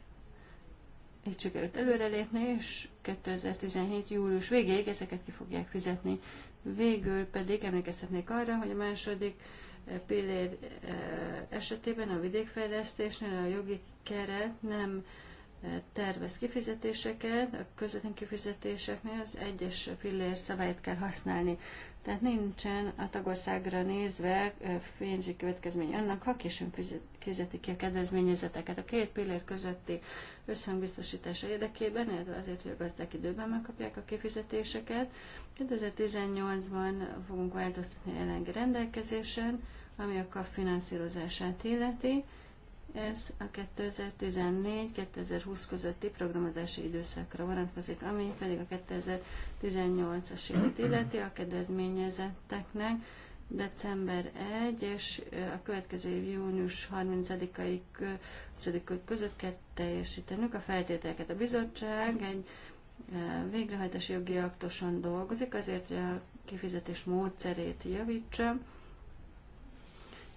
így sikerült előrelépni, és 2017. július végéig ezeket ki fogják fizetni. Végül pedig emlékeztetnék arra, hogy a második pillér esetében a vidékfejlesztésnél a jogi keret nem tervez kifizetéseket, a közvetlen kifizetéseknél az egyes pillér szabályt kell használni. Tehát nincsen a tagországra nézve pénzügyi következmény annak, ha későn fizeti ki a kedvezményezeteket. A két pillér közötti összhangbiztosítása érdekében, illetve azért, hogy a gazdák időben megkapják a kifizetéseket. 2018-ban fogunk változtatni a jelenlegi rendelkezésen, ami a kap finanszírozását illeti. Ez a 2014-2020 közötti programozási időszakra vonatkozik, ami pedig a 2018-as évet illeti a kedvezményezetteknek december 1 és a következő év június 30-ai között kell teljesítenünk a feltételeket. A bizottság egy e, végrehajtási jogi aktuson dolgozik azért, hogy a kifizetés módszerét javítsa,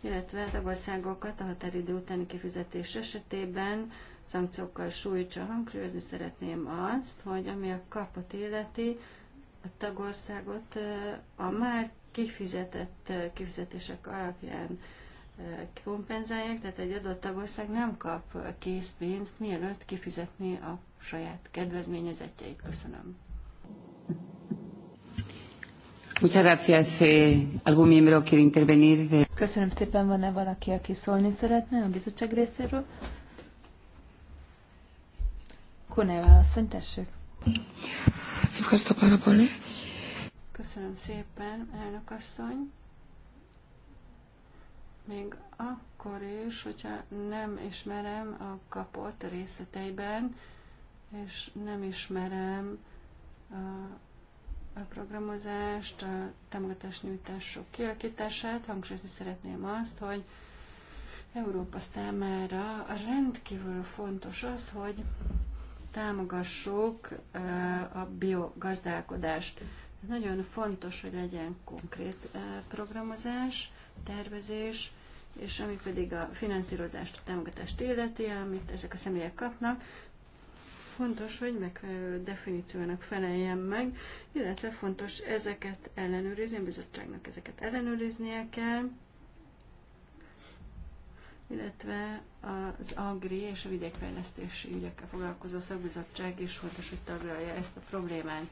illetve a tagországokat a határidő utáni kifizetés esetében szankciókkal sújtsa. Hangsúlyozni szeretném azt, hogy ami a kapot illeti, a tagországot a már kifizetett kifizetések alapján kompenzálják, tehát egy adott tagország nem kap készpénzt, mielőtt kifizetni a saját kedvezményezetjeit. Köszönöm. Eh, Köszönöm szépen, van-e valaki, aki szólni szeretne a bizottság részéről? Kuneva asszony, tessék. Köszönöm szépen, elnök asszony. Még akkor is, hogyha nem ismerem a kapott részleteiben, és nem ismerem a a programozást, a támogatásnyújtások kialakítását. Hangsúlyozni szeretném azt, hogy Európa számára rendkívül fontos az, hogy támogassuk a biogazdálkodást. Nagyon fontos, hogy legyen konkrét programozás, tervezés, és ami pedig a finanszírozást, a támogatást illeti, amit ezek a személyek kapnak, fontos, hogy megfelelő definíciónak feleljen meg, illetve fontos ezeket ellenőrizni, a bizottságnak ezeket ellenőriznie kell, illetve az Agri és a vidékfejlesztési ügyekkel foglalkozó szakbizottság is fontos, hogy taglalja ezt a problémát.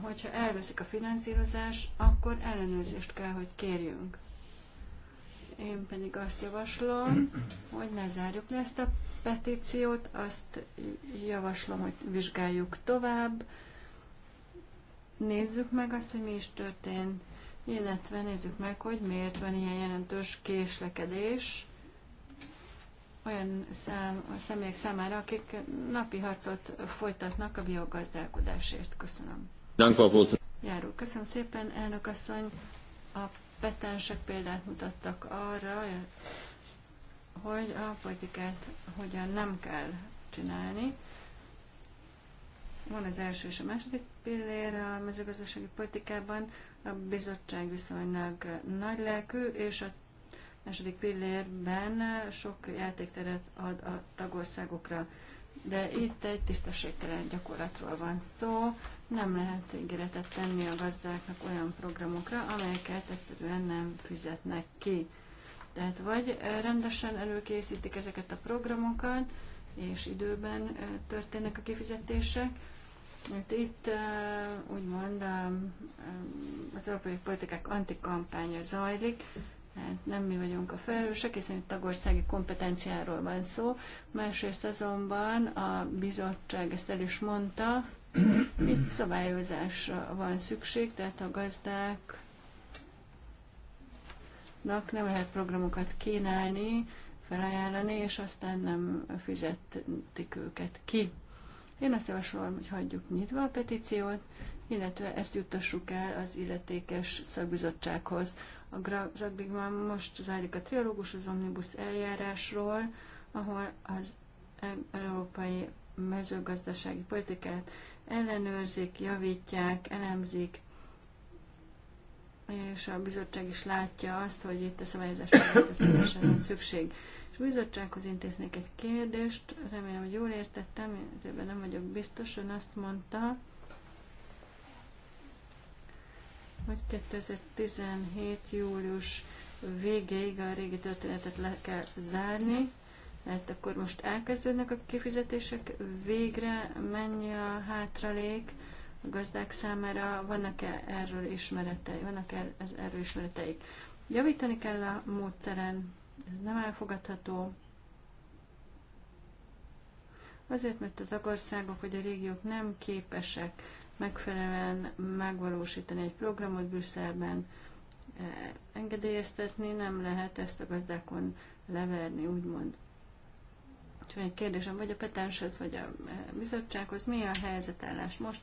Hogyha elveszik a finanszírozás, akkor ellenőrzést kell, hogy kérjünk. Én pedig azt javaslom, hogy ne zárjuk le ezt a petíciót, azt javaslom, hogy vizsgáljuk tovább, nézzük meg azt, hogy mi is történt, illetve nézzük meg, hogy miért van ilyen jelentős késlekedés olyan szám, a személyek számára, akik napi harcot folytatnak a biogazdálkodásért. Köszönöm. Járul. Köszönöm szépen, elnök asszony. A petensek példát mutattak arra, hogy a politikát hogyan nem kell csinálni. Van az első és a második pillér a mezőgazdasági politikában, a bizottság viszonylag nagy lelkű, és a második pillérben sok játékteret ad a tagországokra. De itt egy tisztességtelen gyakorlatról van szó, nem lehet ígéretet tenni a gazdáknak olyan programokra, amelyeket egyszerűen nem fizetnek ki. Tehát vagy rendesen előkészítik ezeket a programokat, és időben történnek a kifizetések. Mert itt úgymond az európai politikák antikampánya zajlik, Hát nem mi vagyunk a felelősek, hiszen itt tagországi kompetenciáról van szó. Másrészt azonban a bizottság ezt el is mondta, mit szabályozásra van szükség, tehát a gazdák nem lehet programokat kínálni, felajánlani, és aztán nem fizetik őket ki. Én azt javasolom, hogy hagyjuk nyitva a petíciót, illetve ezt juttassuk el az illetékes szakbizottsághoz. A már most zárjuk a trialógus az omnibus eljárásról, ahol az e- európai mezőgazdasági politikát ellenőrzik, javítják, elemzik, és a bizottság is látja azt, hogy itt a szabályozásra van szükség. És a bizottsághoz intéznék egy kérdést, remélem, hogy jól értettem, én ebben nem vagyok biztos, ön azt mondta, hogy 2017. július végéig a régi történetet le kell zárni, tehát akkor most elkezdődnek a kifizetések, végre mennyi a hátralék a gazdák számára, vannak-e erről ismeretei, vannak-e erről ismereteik. Javítani kell a módszeren, ez nem elfogadható. Azért, mert a tagországok vagy a régiók nem képesek megfelelően megvalósítani egy programot Brüsszelben, eh, engedélyeztetni, nem lehet ezt a gazdákon leverni, úgymond. Csak egy kérdésem vagy a petenshez, vagy a e, bizottsághoz, mi a helyzetállás most,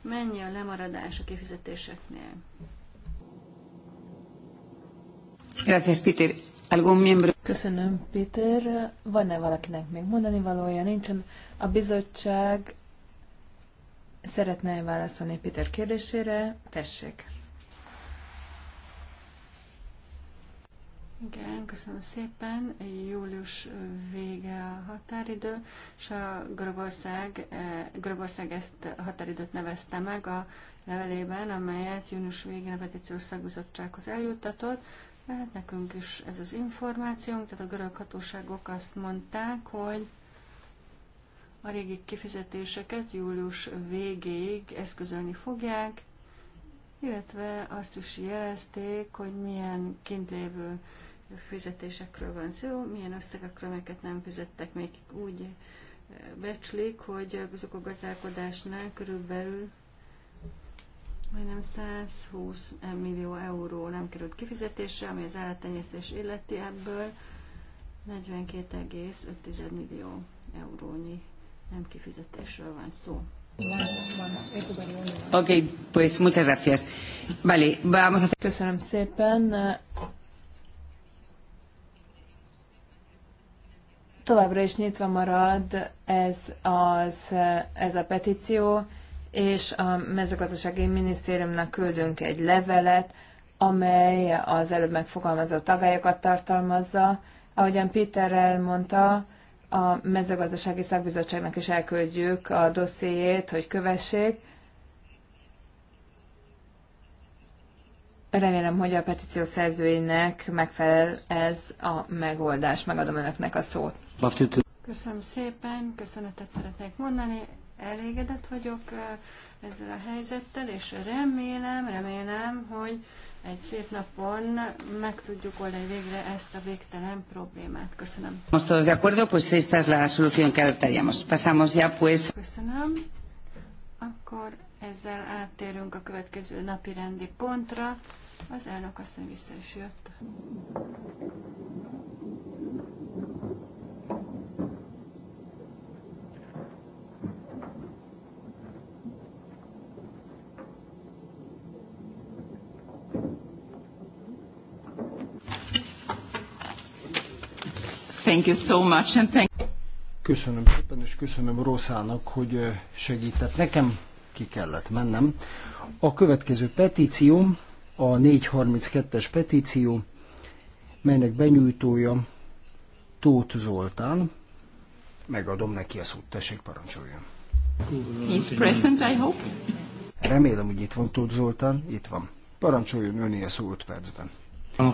mennyi a lemaradás a kifizetéseknél? Peter. miembro... Köszönöm, Peter. Van-e valakinek még mondani valója? Nincsen. A bizottság szeretne válaszolni Péter kérdésére? Tessék. Igen, köszönöm szépen. Július vége a határidő, és a Görögország, e, Görögország ezt a határidőt nevezte meg a levelében, amelyet június végén a petíciós szakbizottsághoz eljuttatott. Hát nekünk is ez az információnk, tehát a görög hatóságok azt mondták, hogy a régi kifizetéseket július végéig eszközölni fogják, illetve azt is jelezték, hogy milyen lévő fizetésekről van szó, milyen összegekről, amelyeket nem fizettek még úgy eh, becslik, hogy azok a gazdálkodásnál körülbelül majdnem 120 millió euró nem került kifizetésre, ami az állattenyésztés illeti ebből 42,5 millió eurónyi nem kifizetésről van szó. Ok, pues muchas gracias. Vale, vamos a... hacer... szépen. Továbbra is nyitva marad ez, az, ez a petíció, és a mezőgazdasági minisztériumnak küldünk egy levelet, amely az előbb megfogalmazott tagályokat tartalmazza. Ahogyan Péter elmondta, a mezőgazdasági szakbizottságnak is elküldjük a dossziét, hogy kövessék. Remélem, hogy a petíció szerzőinek megfelel ez a megoldás. Megadom önöknek a szót. Köszönöm szépen, köszönetet szeretnék mondani. Elégedett vagyok ezzel a helyzettel, és remélem, remélem, hogy egy szép napon meg tudjuk oldani végre ezt a végtelen problémát. Köszönöm. Most todos de acuerdo, pues esta es la solución que adoptaríamos. Pasamos ya pues. Köszönöm. Akkor ezzel áttérünk a következő napi rendi pontra. Az elnök asszony vissza is jött. Thank you so much, and thank Köszönöm szépen, és köszönöm Rosszának, hogy segített nekem, ki kellett mennem. A következő petíció, a 432-es petíció, melynek benyújtója Tóth Zoltán. Megadom neki a szót, tessék parancsoljon. He's present, I hope. Remélem, hogy itt van Tóth Zoltán. Itt van. Parancsoljon öné a szó 5 percben.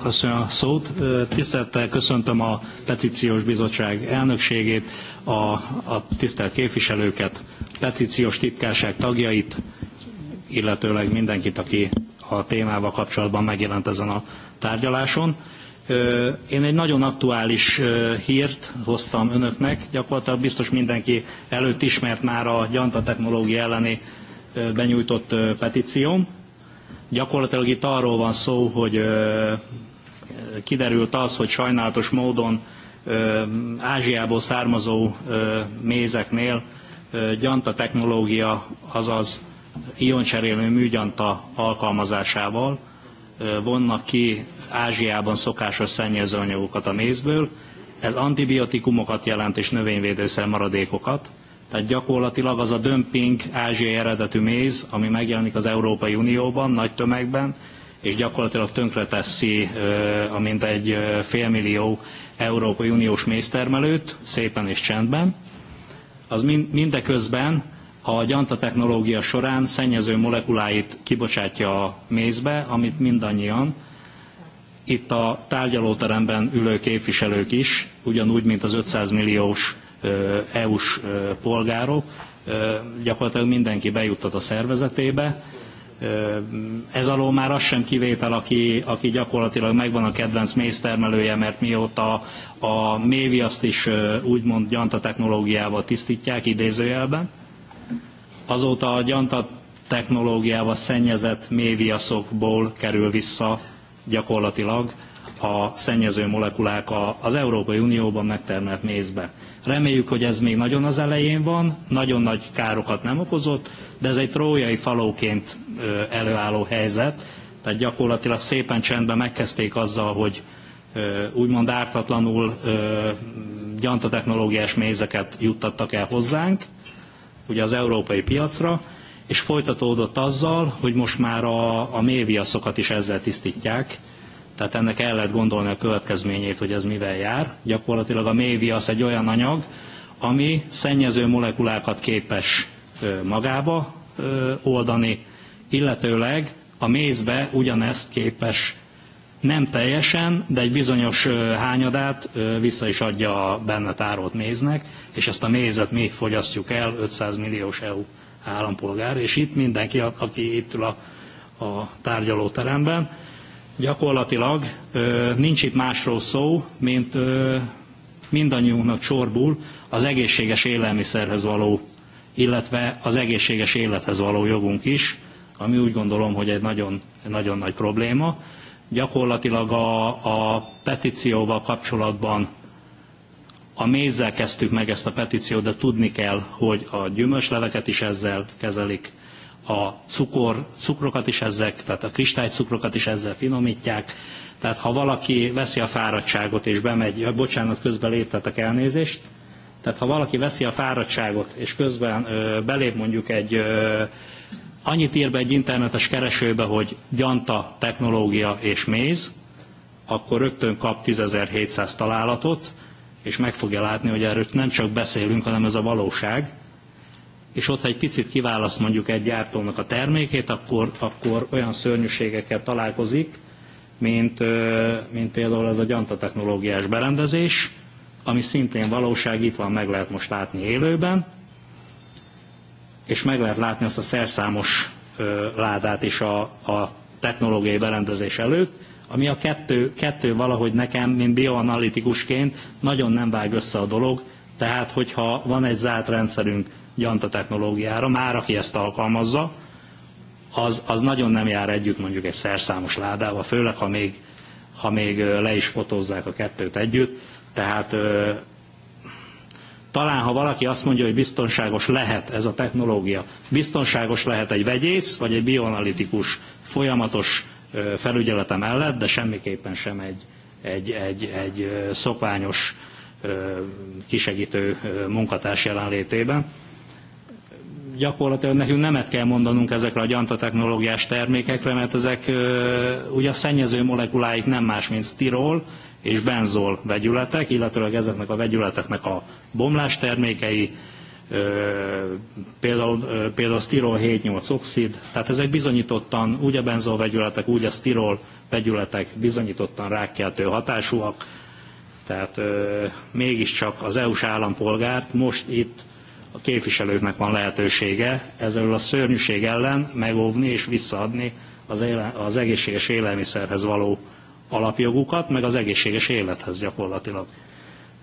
Köszönöm a szót. Tisztelettel köszöntöm a petíciós bizottság elnökségét, a, a tisztelt képviselőket, petíciós titkárság tagjait, illetőleg mindenkit, aki a témával kapcsolatban megjelent ezen a tárgyaláson. Én egy nagyon aktuális hírt hoztam önöknek, gyakorlatilag biztos mindenki előtt ismert már a gyanta technológia elleni benyújtott petícióm Gyakorlatilag itt arról van szó, hogy kiderült az, hogy sajnálatos módon Ázsiából származó mézeknél gyanta technológia, azaz ioncserélő műgyanta alkalmazásával vonnak ki Ázsiában szokásos szennyezőanyagokat a mézből. Ez antibiotikumokat jelent és növényvédőszer maradékokat. Tehát gyakorlatilag az a dömping ázsiai eredetű méz, ami megjelenik az Európai Unióban nagy tömegben, és gyakorlatilag tönkreteszi a mintegy félmillió Európai Uniós méztermelőt, szépen és csendben. Az mindeközben a gyanta technológia során szennyező molekuláit kibocsátja a mézbe, amit mindannyian, itt a tárgyalóteremben ülő képviselők is, ugyanúgy, mint az 500 milliós EU-s polgárok, gyakorlatilag mindenki bejuttat a szervezetébe. Ez alól már az sem kivétel, aki, aki gyakorlatilag megvan a kedvenc méztermelője, mert mióta a méviaszt is úgymond gyanta technológiával tisztítják, idézőjelben. Azóta a gyanta technológiával szennyezett méviaszokból kerül vissza gyakorlatilag a szennyező molekulák az Európai Unióban megtermelt mézbe. Reméljük, hogy ez még nagyon az elején van, nagyon nagy károkat nem okozott, de ez egy trójai falóként előálló helyzet, tehát gyakorlatilag szépen csendben megkezdték azzal, hogy úgymond ártatlanul gyantatechnológiás mézeket juttattak el hozzánk, ugye az európai piacra, és folytatódott azzal, hogy most már a, a is ezzel tisztítják, tehát ennek el lehet gondolni a következményét, hogy ez mivel jár. Gyakorlatilag a méviasz egy olyan anyag, ami szennyező molekulákat képes magába oldani, illetőleg a mézbe ugyanezt képes nem teljesen, de egy bizonyos hányadát vissza is adja a benne tárolt méznek, és ezt a mézet mi fogyasztjuk el, 500 milliós EU állampolgár, és itt mindenki, aki itt ül a, a tárgyalóteremben, Gyakorlatilag nincs itt másról szó, mint mindannyiunknak csorbul az egészséges élelmiszerhez való, illetve az egészséges élethez való jogunk is, ami úgy gondolom, hogy egy nagyon, nagyon nagy probléma. Gyakorlatilag a, a petícióval kapcsolatban a mézzel kezdtük meg ezt a petíciót, de tudni kell, hogy a gyümölcsleveket is ezzel kezelik, a cukor, cukrokat is ezek, tehát a kristálycukrokat is ezzel finomítják. Tehát ha valaki veszi a fáradtságot és bemegy, bocsánat, közben léptetek elnézést, tehát ha valaki veszi a fáradtságot és közben ö, belép mondjuk egy ö, annyit ír be egy internetes keresőbe, hogy gyanta, technológia és méz, akkor rögtön kap 10.700 találatot, és meg fogja látni, hogy erről nem csak beszélünk, hanem ez a valóság, és ott, ha egy picit kiválaszt mondjuk egy gyártónak a termékét, akkor, akkor olyan szörnyűségekkel találkozik, mint, mint például ez a gyanta technológiás berendezés, ami szintén valóság, itt van, meg lehet most látni élőben, és meg lehet látni azt a szerszámos ládát is a, a technológiai berendezés előtt, ami a kettő, kettő valahogy nekem, mint bioanalitikusként nagyon nem vág össze a dolog, tehát hogyha van egy zárt rendszerünk, gyanta technológiára, már aki ezt alkalmazza, az, az nagyon nem jár együtt mondjuk egy szerszámos ládával, főleg ha még, ha még le is fotózzák a kettőt együtt. Tehát talán ha valaki azt mondja, hogy biztonságos lehet ez a technológia, biztonságos lehet egy vegyész vagy egy bioanalitikus folyamatos felügyelete mellett, de semmiképpen sem egy, egy, egy, egy szokványos kisegítő munkatárs jelenlétében gyakorlatilag nekünk nemet kell mondanunk ezekre a gyantatechnológiás termékekre, mert ezek ugye a szennyező molekuláik nem más, mint sztirol és benzol vegyületek, illetőleg ezeknek a vegyületeknek a bomlás termékei, például, például sztirol 7-8 oxid, tehát ezek bizonyítottan úgy a benzol vegyületek, úgy a sztirol vegyületek bizonyítottan rákkeltő hatásúak, tehát euh, mégiscsak az EU-s állampolgárt most itt a képviselőknek van lehetősége ezzel a szörnyűség ellen megóvni és visszaadni az, éle, az egészséges élelmiszerhez való alapjogukat, meg az egészséges élethez gyakorlatilag.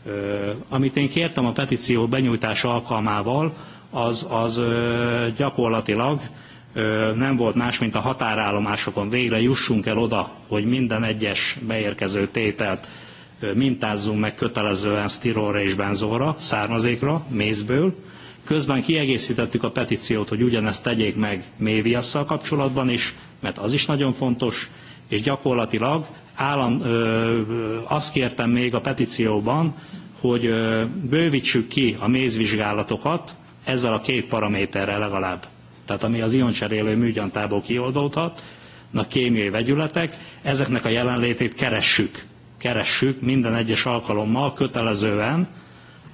Ö, amit én kértem a petíció benyújtása alkalmával, az, az ö, gyakorlatilag ö, nem volt más, mint a határállomásokon végre jussunk el oda, hogy minden egyes beérkező tételt mintázzunk meg kötelezően sztirolra és benzóra, származékra, mézből, Közben kiegészítettük a petíciót, hogy ugyanezt tegyék meg méviasszal kapcsolatban is, mert az is nagyon fontos, és gyakorlatilag állam, ö, azt kértem még a petícióban, hogy ö, bővítsük ki a mézvizsgálatokat ezzel a két paraméterrel legalább. Tehát ami az ioncserélő műgyantából kioldódhat, a kémiai vegyületek, ezeknek a jelenlétét keressük. Keressük minden egyes alkalommal kötelezően,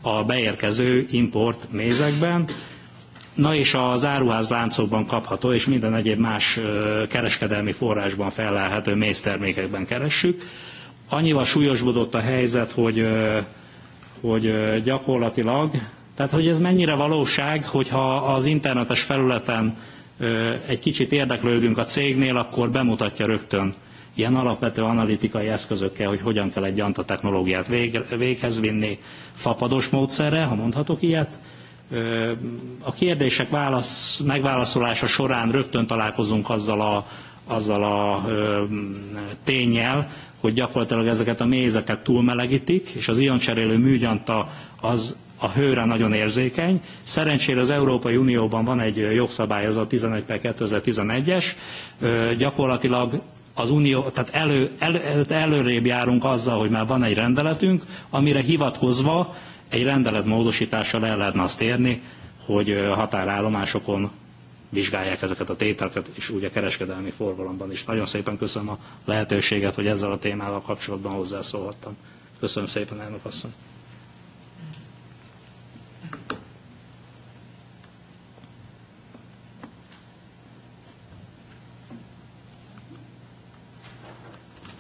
a beérkező import mézekben, na és az áruházláncokban kapható, és minden egyéb más kereskedelmi forrásban fellelhető méztermékekben keressük. Annyival súlyosbodott a helyzet, hogy, hogy gyakorlatilag, tehát hogy ez mennyire valóság, hogyha az internetes felületen egy kicsit érdeklődünk a cégnél, akkor bemutatja rögtön ilyen alapvető analitikai eszközökkel, hogy hogyan kell egy anta technológiát vég, véghez vinni, fapados módszerre, ha mondhatok ilyet. A kérdések válasz, megválaszolása során rögtön találkozunk azzal a, azzal a tényel, hogy gyakorlatilag ezeket a mézeket túlmelegítik, és az ioncserélő műgyanta az a hőre nagyon érzékeny. Szerencsére az Európai Unióban van egy jogszabályozat 11 2011-es, gyakorlatilag az unió, tehát elő, elő, előrébb járunk azzal, hogy már van egy rendeletünk, amire hivatkozva egy rendelet módosítással el lehetne azt érni, hogy határállomásokon vizsgálják ezeket a tételket, és úgy a kereskedelmi forgalomban is. Nagyon szépen köszönöm a lehetőséget, hogy ezzel a témával kapcsolatban hozzászólhattam. Köszönöm szépen, elnök asszony!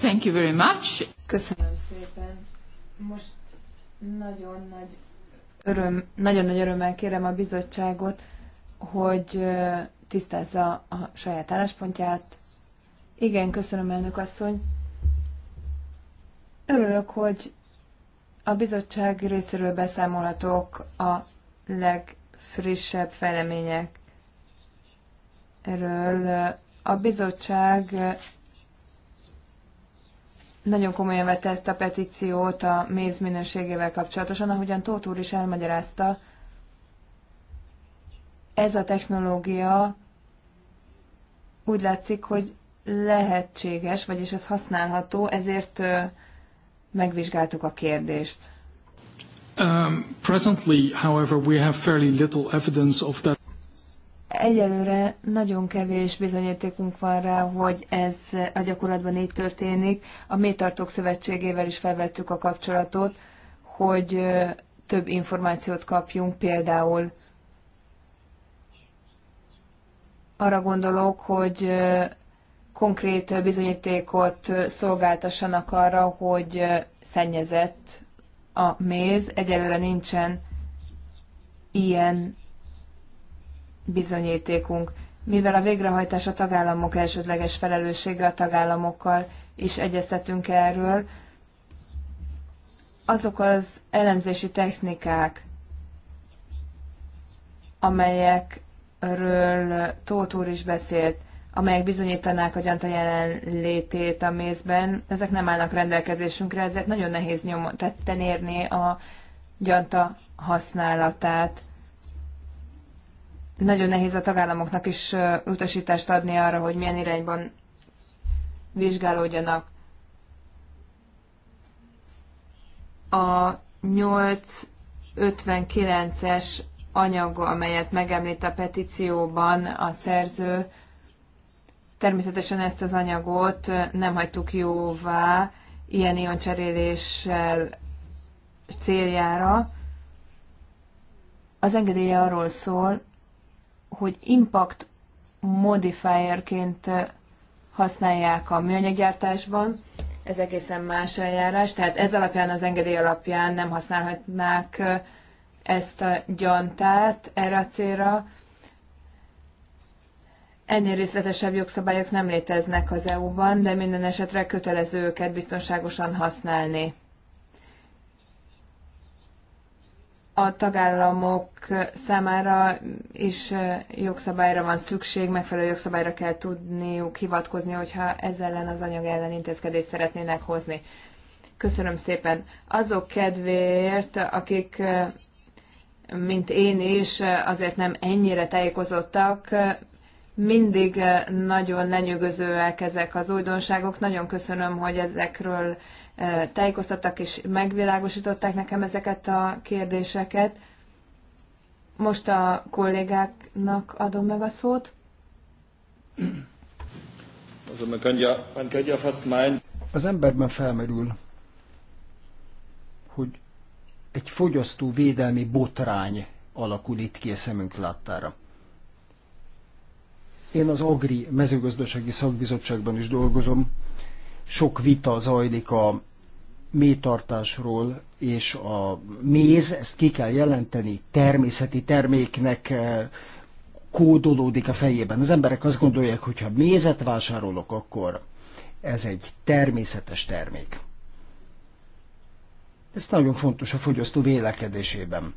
Thank you very much. Köszönöm szépen. Most nagyon nagy öröm, nagyon nagy örömmel kérem a bizottságot, hogy tisztázza a saját álláspontját. Igen, köszönöm, elnök asszony. Örülök, hogy a bizottság részéről beszámolhatok a legfrissebb erről. A bizottság nagyon komolyan vette ezt a petíciót a méz minőségével kapcsolatosan, ahogyan Tóth úr is elmagyarázta, ez a technológia úgy látszik, hogy lehetséges, vagyis ez használható, ezért megvizsgáltuk a kérdést. Um, presently, however, we have fairly little evidence of that. Egyelőre nagyon kevés bizonyítékunk van rá, hogy ez a gyakorlatban így történik. A Métartók Szövetségével is felvettük a kapcsolatot, hogy több információt kapjunk, például arra gondolok, hogy konkrét bizonyítékot szolgáltassanak arra, hogy szennyezett a méz. Egyelőre nincsen ilyen bizonyítékunk, mivel a végrehajtás a tagállamok elsődleges felelőssége a tagállamokkal is egyeztetünk erről, azok az elemzési technikák, amelyekről Tóth úr is beszélt, amelyek bizonyítanák a gyanta jelenlétét a mézben, ezek nem állnak rendelkezésünkre, ezért nagyon nehéz nyomon tetten érni a gyanta használatát nagyon nehéz a tagállamoknak is utasítást adni arra, hogy milyen irányban vizsgálódjanak. A 859-es anyag, amelyet megemlít a petícióban a szerző, természetesen ezt az anyagot nem hagytuk jóvá ilyen ioncseréléssel céljára. Az engedélye arról szól, hogy impact modifierként eh, használják a műanyaggyártásban, ez egészen más eljárás, tehát ez alapján, az engedély alapján nem használhatnák eh, ezt a gyantát erre a célra. Ennél részletesebb jogszabályok nem léteznek az EU-ban, de minden esetre kötelező őket biztonságosan használni. a tagállamok számára is jogszabályra van szükség, megfelelő jogszabályra kell tudniuk hivatkozni, hogyha ez ellen az anyag ellen intézkedést szeretnének hozni. Köszönöm szépen. Azok kedvéért, akik, mint én is, azért nem ennyire tájékozottak, mindig nagyon lenyűgözőek ezek az újdonságok. Nagyon köszönöm, hogy ezekről tájékoztattak és megvilágosították nekem ezeket a kérdéseket. Most a kollégáknak adom meg a szót. Az emberben felmerül, hogy egy fogyasztó védelmi botrány alakul itt ki a szemünk láttára. Én az Agri mezőgazdasági szakbizottságban is dolgozom, sok vita zajlik a mélytartásról, és a méz, ezt ki kell jelenteni, természeti terméknek eh, kódolódik a fejében. Az emberek azt gondolják, hogy ha mézet vásárolok, akkor ez egy természetes termék. Ez nagyon fontos a fogyasztó vélekedésében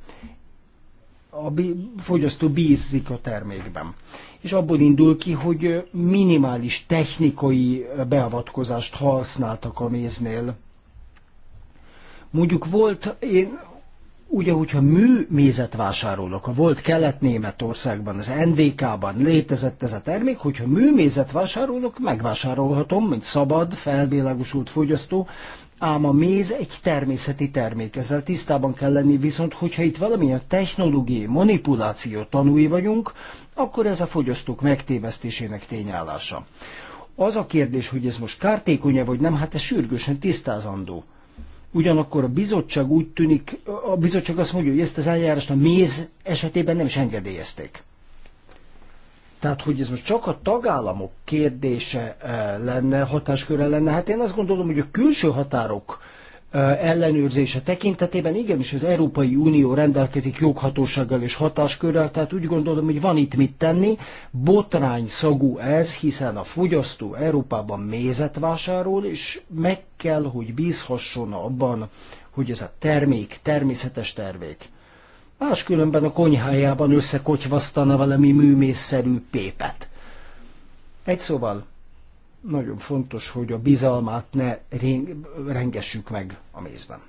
a fogyasztó bízik a termékben. És abból indul ki, hogy minimális technikai beavatkozást használtak a méznél. Mondjuk volt, én ugye, hogyha műmézet vásárolok, a volt Kelet-Németországban, az NDK-ban létezett ez a termék, hogyha műmézet vásárolok, megvásárolhatom, mint szabad, felvilágosult fogyasztó, Ám a méz egy természeti termék, ezzel tisztában kell lenni, viszont hogyha itt valamilyen technológiai manipuláció tanúi vagyunk, akkor ez a fogyasztók megtévesztésének tényállása. Az a kérdés, hogy ez most kártékonya vagy nem, hát ez sürgősen tisztázandó. Ugyanakkor a bizottság úgy tűnik, a bizottság azt mondja, hogy ezt az eljárást a méz esetében nem is engedélyezték. Tehát, hogy ez most csak a tagállamok kérdése eh, lenne, hatásköre lenne, hát én azt gondolom, hogy a külső határok eh, ellenőrzése tekintetében igenis az Európai Unió rendelkezik joghatósággal és hatáskörrel, tehát úgy gondolom, hogy van itt mit tenni. Botrány szagú ez, hiszen a fogyasztó Európában mézet vásárol, és meg kell, hogy bízhasson abban, hogy ez a termék természetes termék máskülönben a konyhájában összekotyvasztana valami műmészszerű pépet. Egy szóval, nagyon fontos, hogy a bizalmát ne rengessük meg a mézben.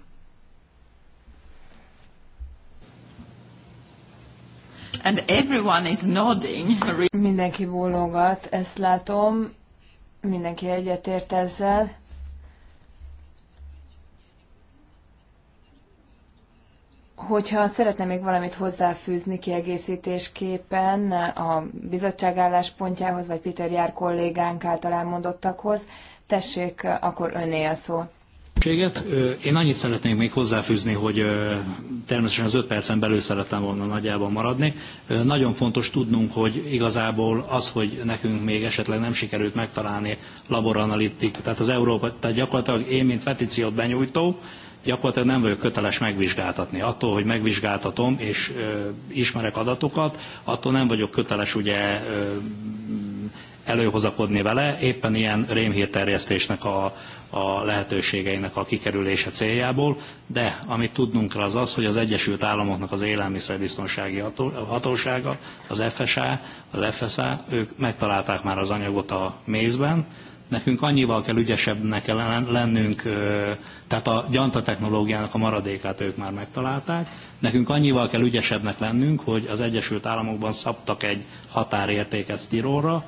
And everyone is nodding. Mindenki bólogat, ezt látom, mindenki egyetért ezzel. Hogyha szeretne még valamit hozzáfűzni kiegészítésképpen a bizottság álláspontjához, vagy Péter Jár kollégánk által elmondottakhoz, tessék, akkor önné a szó. Én annyit szeretnék még hozzáfűzni, hogy természetesen az öt percen belül szerettem volna nagyjából maradni. Nagyon fontos tudnunk, hogy igazából az, hogy nekünk még esetleg nem sikerült megtalálni laboranalitik, tehát az Európa, tehát gyakorlatilag én, mint petíciót benyújtó, gyakorlatilag nem vagyok köteles megvizsgáltatni. Attól, hogy megvizsgáltatom és ö, ismerek adatokat, attól nem vagyok köteles ugye ö, előhozakodni vele, éppen ilyen rémhírterjesztésnek a, a lehetőségeinek a kikerülése céljából, de amit tudnunk kell az az, hogy az Egyesült Államoknak az Élelmiszerbiztonsági Hatósága, az FSA, az FSA, ők megtalálták már az anyagot a mézben, nekünk annyival kell ügyesebbnek lennünk tehát a gyanta technológiának a maradékát ők már megtalálták. Nekünk annyival kell ügyesebbnek lennünk, hogy az Egyesült Államokban szabtak egy határértéket sztirolra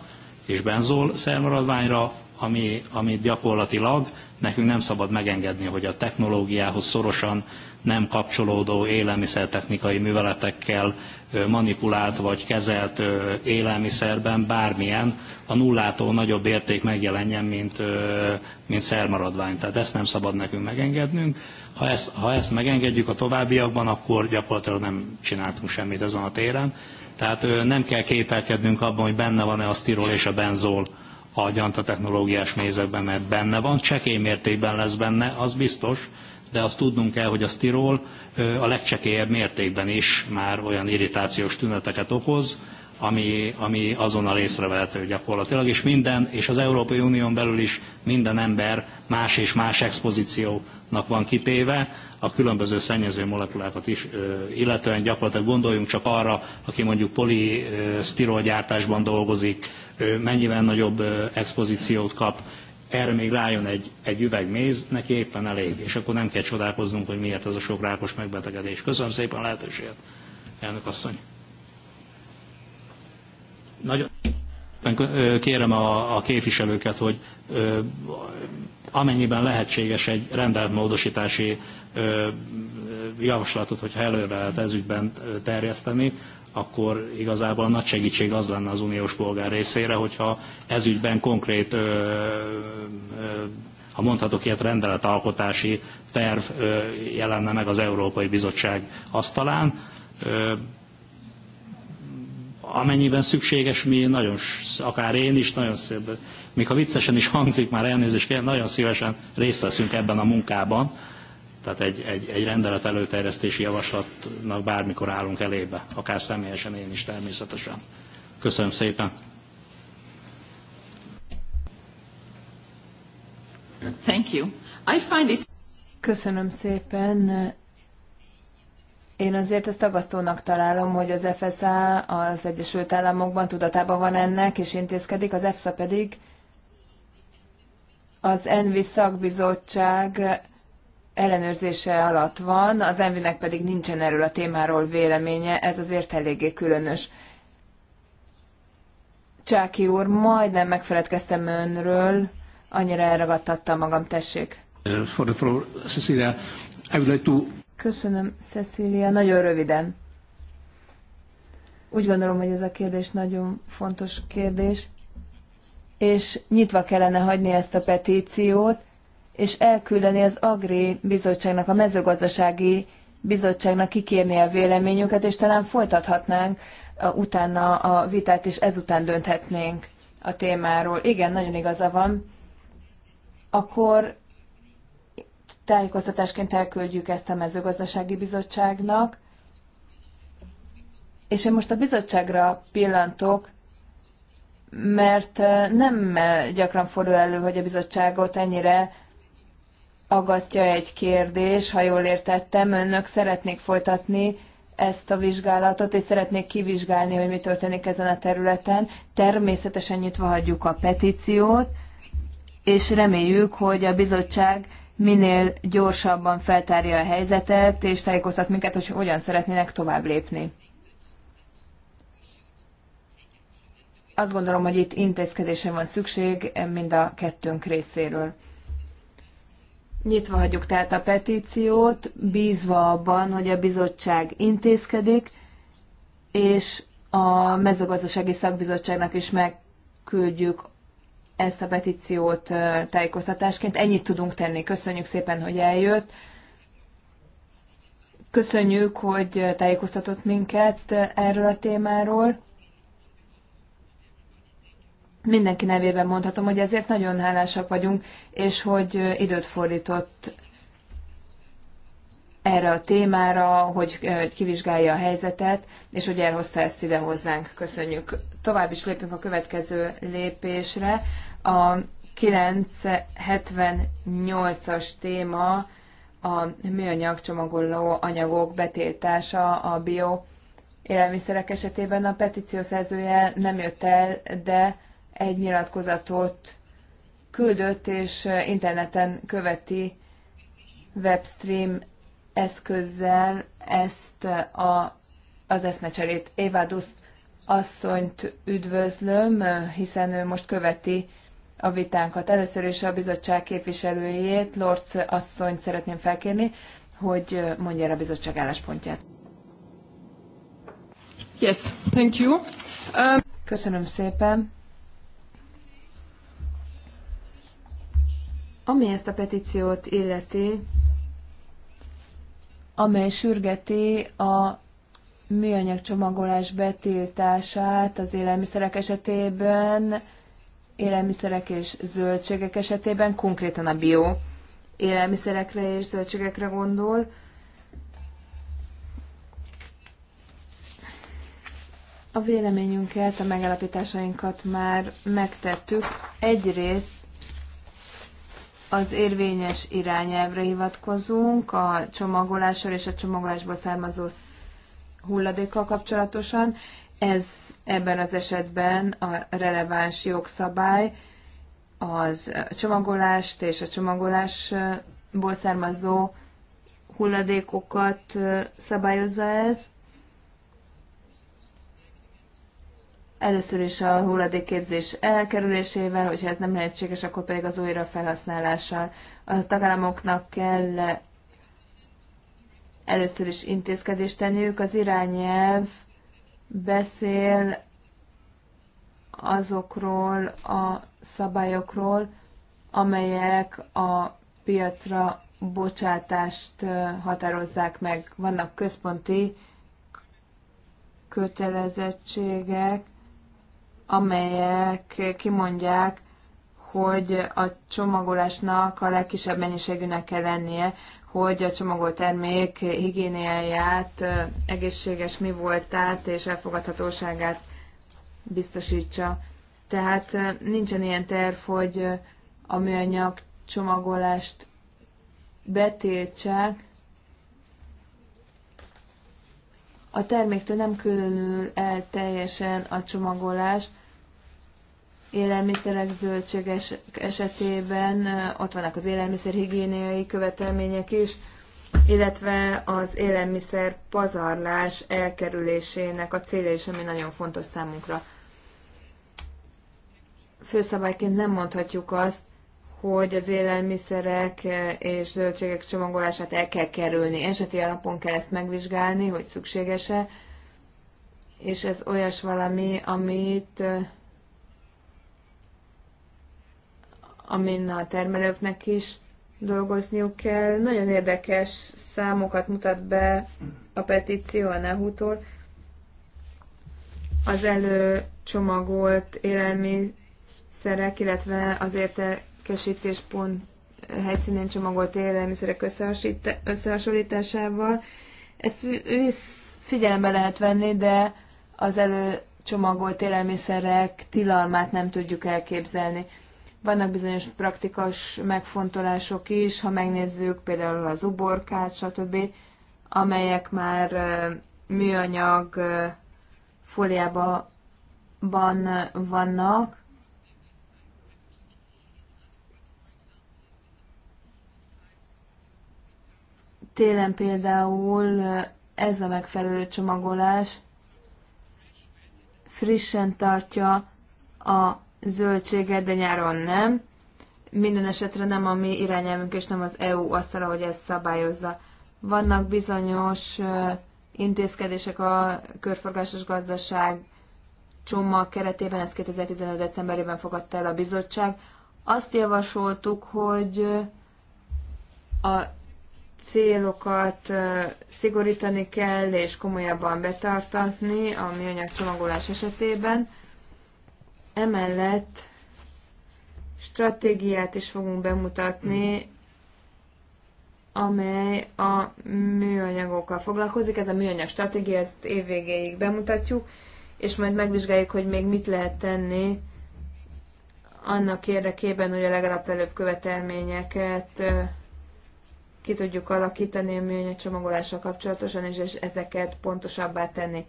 és benzol szermaradványra, ami, ami gyakorlatilag nekünk nem szabad megengedni, hogy a technológiához szorosan nem kapcsolódó élelmiszertechnikai műveletekkel manipulált vagy kezelt élelmiszerben bármilyen a nullától nagyobb érték megjelenjen, mint, mint szermaradvány. Tehát ezt nem szabad nekünk megengednünk. Ha ezt, ha ezt megengedjük a továbbiakban, akkor gyakorlatilag nem csináltunk semmit ezen a téren. Tehát nem kell kételkednünk abban, hogy benne van-e a sztirol és a benzol a gyantatechnológiás mézekben, mert benne van, csekély mértékben lesz benne, az biztos, de azt tudnunk kell, hogy a sztirol a legcsekélyebb mértékben is már olyan irritációs tüneteket okoz, ami, ami azonnal észrevehető gyakorlatilag, és minden, és az Európai Unión belül is minden ember más és más expozíciónak van kitéve, a különböző szennyező molekulákat is, illetően gyakorlatilag gondoljunk csak arra, aki mondjuk gyártásban dolgozik, mennyivel nagyobb expozíciót kap, erre még rájön egy, egy üveg méz, neki éppen elég, és akkor nem kell csodálkoznunk, hogy miért ez a sok rákos megbetegedés. Köszönöm szépen a lehetőséget, elnök asszony. Nagyon kérem a, a képviselőket, hogy ö, amennyiben lehetséges egy rendelt módosítási ö, javaslatot, hogyha előre lehet ezügyben terjeszteni, akkor igazából nagy segítség az lenne az uniós polgár részére, hogyha ezügyben konkrét, ha mondhatok ilyet, rendeletalkotási terv jelenne meg az Európai Bizottság asztalán. Amennyiben szükséges, mi nagyon, akár én is, nagyon szép, még ha viccesen is hangzik, már elnézést kérem, nagyon szívesen részt veszünk ebben a munkában, tehát egy, egy, egy rendelet előterjesztési javaslatnak bármikor állunk elébe, akár személyesen én is természetesen. Köszönöm szépen. Thank you. I find it... Köszönöm szépen. Én azért ezt tagasztónak találom, hogy az FSA az Egyesült Államokban tudatában van ennek, és intézkedik, az EFSA pedig az ENVI szakbizottság ellenőrzése alatt van, az envinek pedig nincsen erről a témáról véleménye, ez azért eléggé különös. Csáki úr, majdnem megfeledkeztem önről, annyira elragadtatta magam, tessék. Uh, Köszönöm, Cecilia, nagyon röviden. Úgy gondolom, hogy ez a kérdés nagyon fontos kérdés, és nyitva kellene hagyni ezt a petíciót, és elküldeni az Agri Bizottságnak, a mezőgazdasági bizottságnak kikérni a véleményüket, és talán folytathatnánk a, utána a vitát, és ezután dönthetnénk a témáról. Igen, nagyon igaza van. Akkor tájékoztatásként elküldjük ezt a mezőgazdasági bizottságnak, és én most a bizottságra pillantok, mert eh, nem eh, gyakran fordul elő, hogy a bizottságot ennyire aggasztja egy kérdés, ha jól értettem, önök szeretnék folytatni ezt a vizsgálatot, és szeretnék kivizsgálni, hogy mi történik ezen a területen. Természetesen nyitva hagyjuk a petíciót, és reméljük, hogy a bizottság minél gyorsabban feltárja a helyzetet, és tájékoztat minket, hogy hogyan szeretnének tovább lépni. Azt gondolom, hogy itt intézkedésre van szükség mind a kettőnk részéről. Nyitva hagyjuk tehát a petíciót, bízva abban, hogy a bizottság intézkedik, és a mezőgazdasági szakbizottságnak is megküldjük ezt a petíciót tájékoztatásként. Ennyit tudunk tenni. Köszönjük szépen, hogy eljött. Köszönjük, hogy tájékoztatott minket erről a témáról mindenki nevében mondhatom, hogy ezért nagyon hálásak vagyunk, és hogy időt fordított erre a témára, hogy kivizsgálja a helyzetet, és hogy elhozta ezt ide hozzánk. Köszönjük. Tovább is lépünk a következő lépésre. A 978-as téma a műanyag csomagoló anyagok betiltása a bio élelmiszerek esetében a petíció szerzője nem jött el, de egy nyilatkozatot küldött, és interneten követi webstream eszközzel ezt a, az eszmecserét. Éva asszonyt üdvözlöm, hiszen ő most követi a vitánkat. Először is a bizottság képviselőjét, Lorc asszonyt szeretném felkérni, hogy mondja el a bizottság álláspontját. Yes, thank you. Um... Köszönöm szépen. Ami ezt a petíciót illeti, amely sürgeti a műanyag csomagolás betiltását az élelmiszerek esetében, élelmiszerek és zöldségek esetében, konkrétan a bio élelmiszerekre és zöldségekre gondol. A véleményünket, a megállapításainkat már megtettük. Egyrészt az érvényes irányelvre hivatkozunk a csomagolással és a csomagolásból származó hulladékkal kapcsolatosan. Ez ebben az esetben a releváns jogszabály az csomagolást és a csomagolásból származó hulladékokat szabályozza ez. Először is a hulladékképzés elkerülésével, hogyha ez nem lehetséges, akkor pedig az újra felhasználással. A tagállamoknak kell először is intézkedést tenniük. Az irányelv beszél azokról a szabályokról, amelyek a piacra bocsátást határozzák meg. Vannak központi kötelezettségek, amelyek kimondják, hogy a csomagolásnak a legkisebb mennyiségűnek kell lennie, hogy a csomagolt termék higiéniáját, egészséges mi voltát és elfogadhatóságát biztosítsa. Tehát nincsen ilyen terv, hogy a műanyag csomagolást betiltsák. A terméktől nem különül el teljesen a csomagolás, élelmiszerek, zöldséges esetében eh, ott vannak az élelmiszerhigiéniai követelmények is, illetve az élelmiszer pazarlás elkerülésének a célja is, ami nagyon fontos számunkra. Főszabályként nem mondhatjuk azt, hogy az élelmiszerek eh, és zöldségek csomagolását el kell kerülni. Eseti alapon kell ezt megvizsgálni, hogy szükséges-e, és ez olyas valami, amit eh, amin a termelőknek is dolgozniuk kell. Nagyon érdekes számokat mutat be a petíció a Nehutól. Az előcsomagolt élelmiszerek, illetve az értekesítés pont helyszínén csomagolt élelmiszerek összehasonlításával. Ezt figyelembe lehet venni, de az előcsomagolt élelmiszerek tilalmát nem tudjuk elképzelni. Vannak bizonyos praktikus megfontolások is, ha megnézzük például az uborkát, stb., amelyek már műanyag fóliában vannak, télen például ez a megfelelő csomagolás frissen tartja a zöldséget, de nyáron nem. Minden esetre nem a mi irányelvünk, és nem az EU asztala, hogy ezt szabályozza. Vannak bizonyos intézkedések a körforgásos gazdaság csomag keretében, ez 2015. decemberében fogadta el a bizottság. Azt javasoltuk, hogy a célokat szigorítani kell és komolyabban betartatni a műanyag csomagolás esetében. Emellett stratégiát is fogunk bemutatni, amely a műanyagokkal foglalkozik. Ez a műanyag stratégia, ezt évvégéig bemutatjuk, és majd megvizsgáljuk, hogy még mit lehet tenni annak érdekében, hogy a legalapvetőbb követelményeket ki tudjuk alakítani a műanyag csomagolással kapcsolatosan, és ezeket pontosabbá tenni.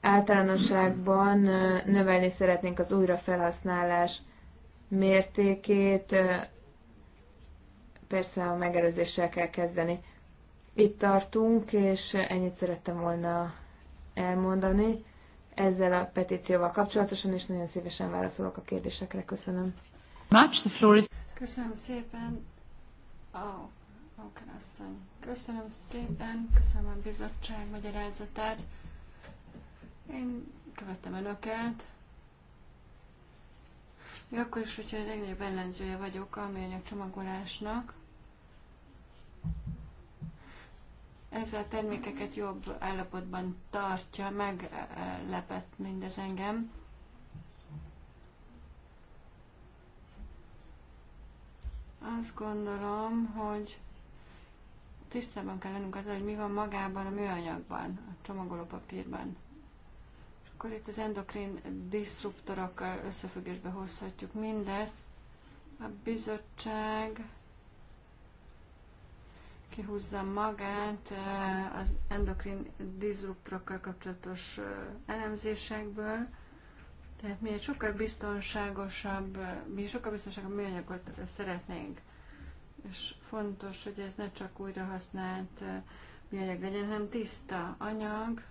Általánosságban növelni szeretnénk az újrafelhasználás mértékét, persze a megelőzéssel kell kezdeni. Itt tartunk, és ennyit szerettem volna elmondani ezzel a petícióval kapcsolatosan, és nagyon szívesen válaszolok a kérdésekre. Köszönöm. the Köszönöm szépen. Oh, okay, köszönöm szépen. Köszönöm a bizottság magyarázatát. Én követtem önöket. Még akkor is, hogyha a legnagyobb ellenzője vagyok a műanyag csomagolásnak. Ezzel a termékeket jobb állapotban tartja, meglepett mindez engem. Azt gondolom, hogy tisztában kell lennünk azzal, hogy mi van magában a műanyagban, a csomagolópapírban akkor itt az endokrin diszruptorokkal összefüggésbe hozhatjuk mindezt. A bizottság kihúzza magát az endokrin diszruptorokkal kapcsolatos elemzésekből, tehát mi egy sokkal biztonságosabb, mi sokkal biztonságosabb műanyagot szeretnénk. És fontos, hogy ez ne csak újra használt műanyag legyen, hanem tiszta anyag,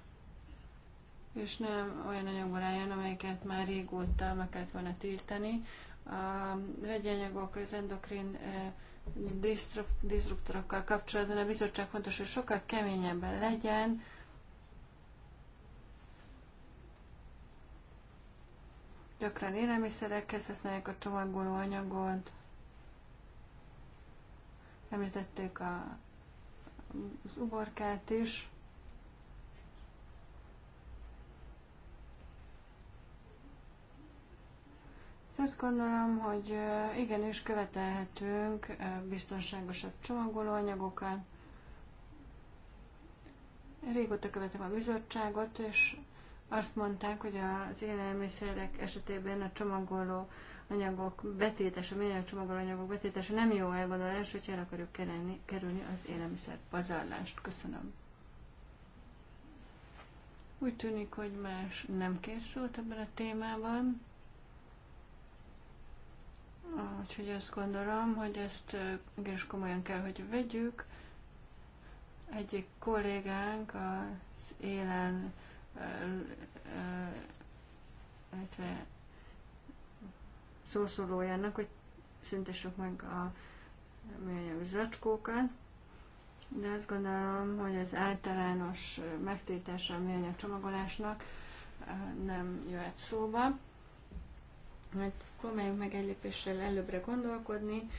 és nem olyan anyagból álljon, amelyeket már régóta meg kellett volna tiltani. A vegyi anyagok, az endokrin eh, disruptorokkal kapcsolatban a bizottság fontos, hogy sokkal keményebben legyen, Gyakran élelmiszerekhez használják a csomagoló anyagot. Említették a, az uborkát is. Hát azt gondolom, hogy igenis követelhetünk biztonságosabb csomagolóanyagokat. Régóta követem a bizottságot, és azt mondták, hogy az élelmiszerek esetében a csomagoló anyagok betétese, minél csomagoló anyagok betétese nem jó elgondolás, hogyha el akarjuk kerülni, kerülni az élelmiszer pazarlást. Köszönöm. Úgy tűnik, hogy más nem kér szót ebben a témában. Úgyhogy azt gondolom, hogy ezt igenis komolyan kell, hogy vegyük. Egyik kollégánk az élen illetve szószólójának, hogy szüntessük meg a műanyag zacskókat, de azt gondolom, hogy az általános megtiltása a műanyag csomagolásnak nem jöhet szóba. Mert próbáljunk meg egy lépéssel előbbre gondolkodni.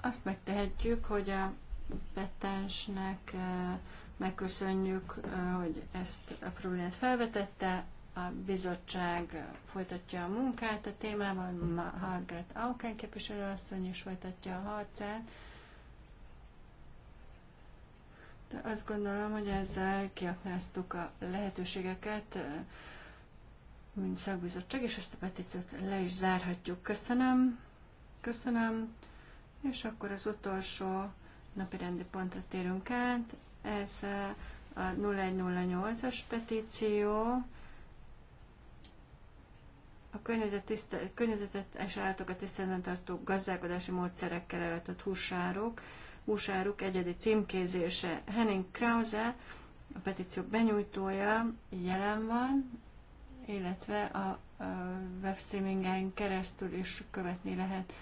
Azt megtehetjük, hogy a petensnek eh, megköszönjük, eh, hogy ezt a problémát felvetette, a bizottság eh, folytatja a munkát a témában, Margaret Auken képviselőasszony is folytatja a harcát. De azt gondolom, hogy ezzel kiaknáztuk a lehetőségeket, mint szakbizottság, és ezt a petíciót le is zárhatjuk. Köszönöm, köszönöm, és akkor az utolsó napi rendi pontra térünk át. Ez a 0108-as petíció, a környezet tiszte, környezetet és állatokat tiszteletben tartó gazdálkodási módszerekkel eltött húsárok, húsáruk egyedi címkézése. Henning Krause, a petíció benyújtója jelen van, illetve a webstreamingen keresztül is követni lehet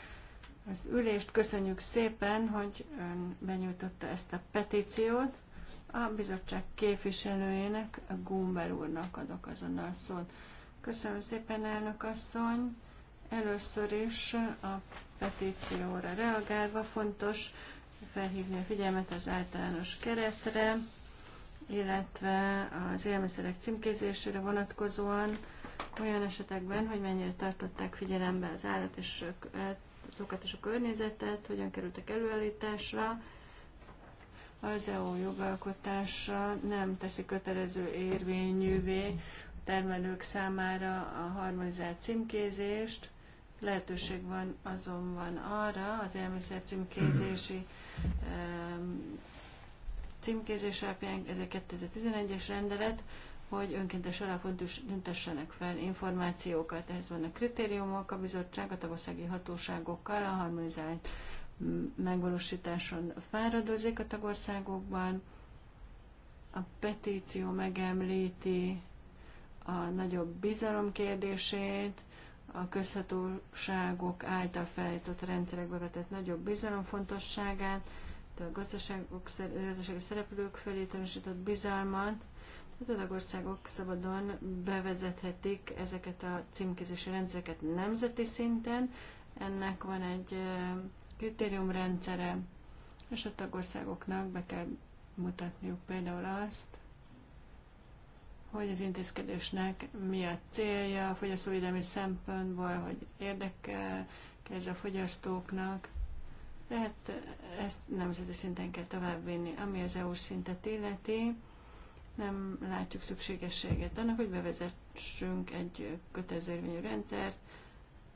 az ülést. Köszönjük szépen, hogy ön benyújtotta ezt a petíciót. A bizottság képviselőjének, a Gumber úrnak adok azonnal szót. Köszönöm szépen, elnök asszony! Először is a petícióra reagálva fontos felhívni a figyelmet az általános keretre, illetve az élelmiszerek címkézésére vonatkozóan olyan esetekben, hogy mennyire tartották figyelembe az állat és azokat és a környezetet, hogyan kerültek előállításra, az EU jogalkotása nem teszi kötelező érvényűvé a termelők számára a harmonizált címkézést. Lehetőség van azonban arra az élelmiszer címkézési címkézés alapján, ez egy 2011-es rendelet, hogy önkéntes alapon tüntessenek fel információkat. Ehhez vannak kritériumok, a bizottság a tagországi hatóságokkal a harmonizált megvalósításon fáradozik a tagországokban. A petíció megemlíti a nagyobb bizalom kérdését, a közhatóságok által felállított rendszerekbe vetett nagyobb bizalom fontosságát, a gazdaságok, gazdasági szereplők felé tanúsított bizalmat, tehát a országok szabadon bevezethetik ezeket a címkézési rendszereket nemzeti szinten. Ennek van egy kritériumrendszere, és a tagországoknak be kell mutatniuk például azt, hogy az intézkedésnek mi a célja, a fogyasztóvédelmi szempontból, hogy érdekel ez a fogyasztóknak, hát ezt nemzeti szinten kell továbbvinni, ami az EU szintet illeti. Nem látjuk szükségességet annak, hogy bevezessünk egy kötelezővényű rendszert,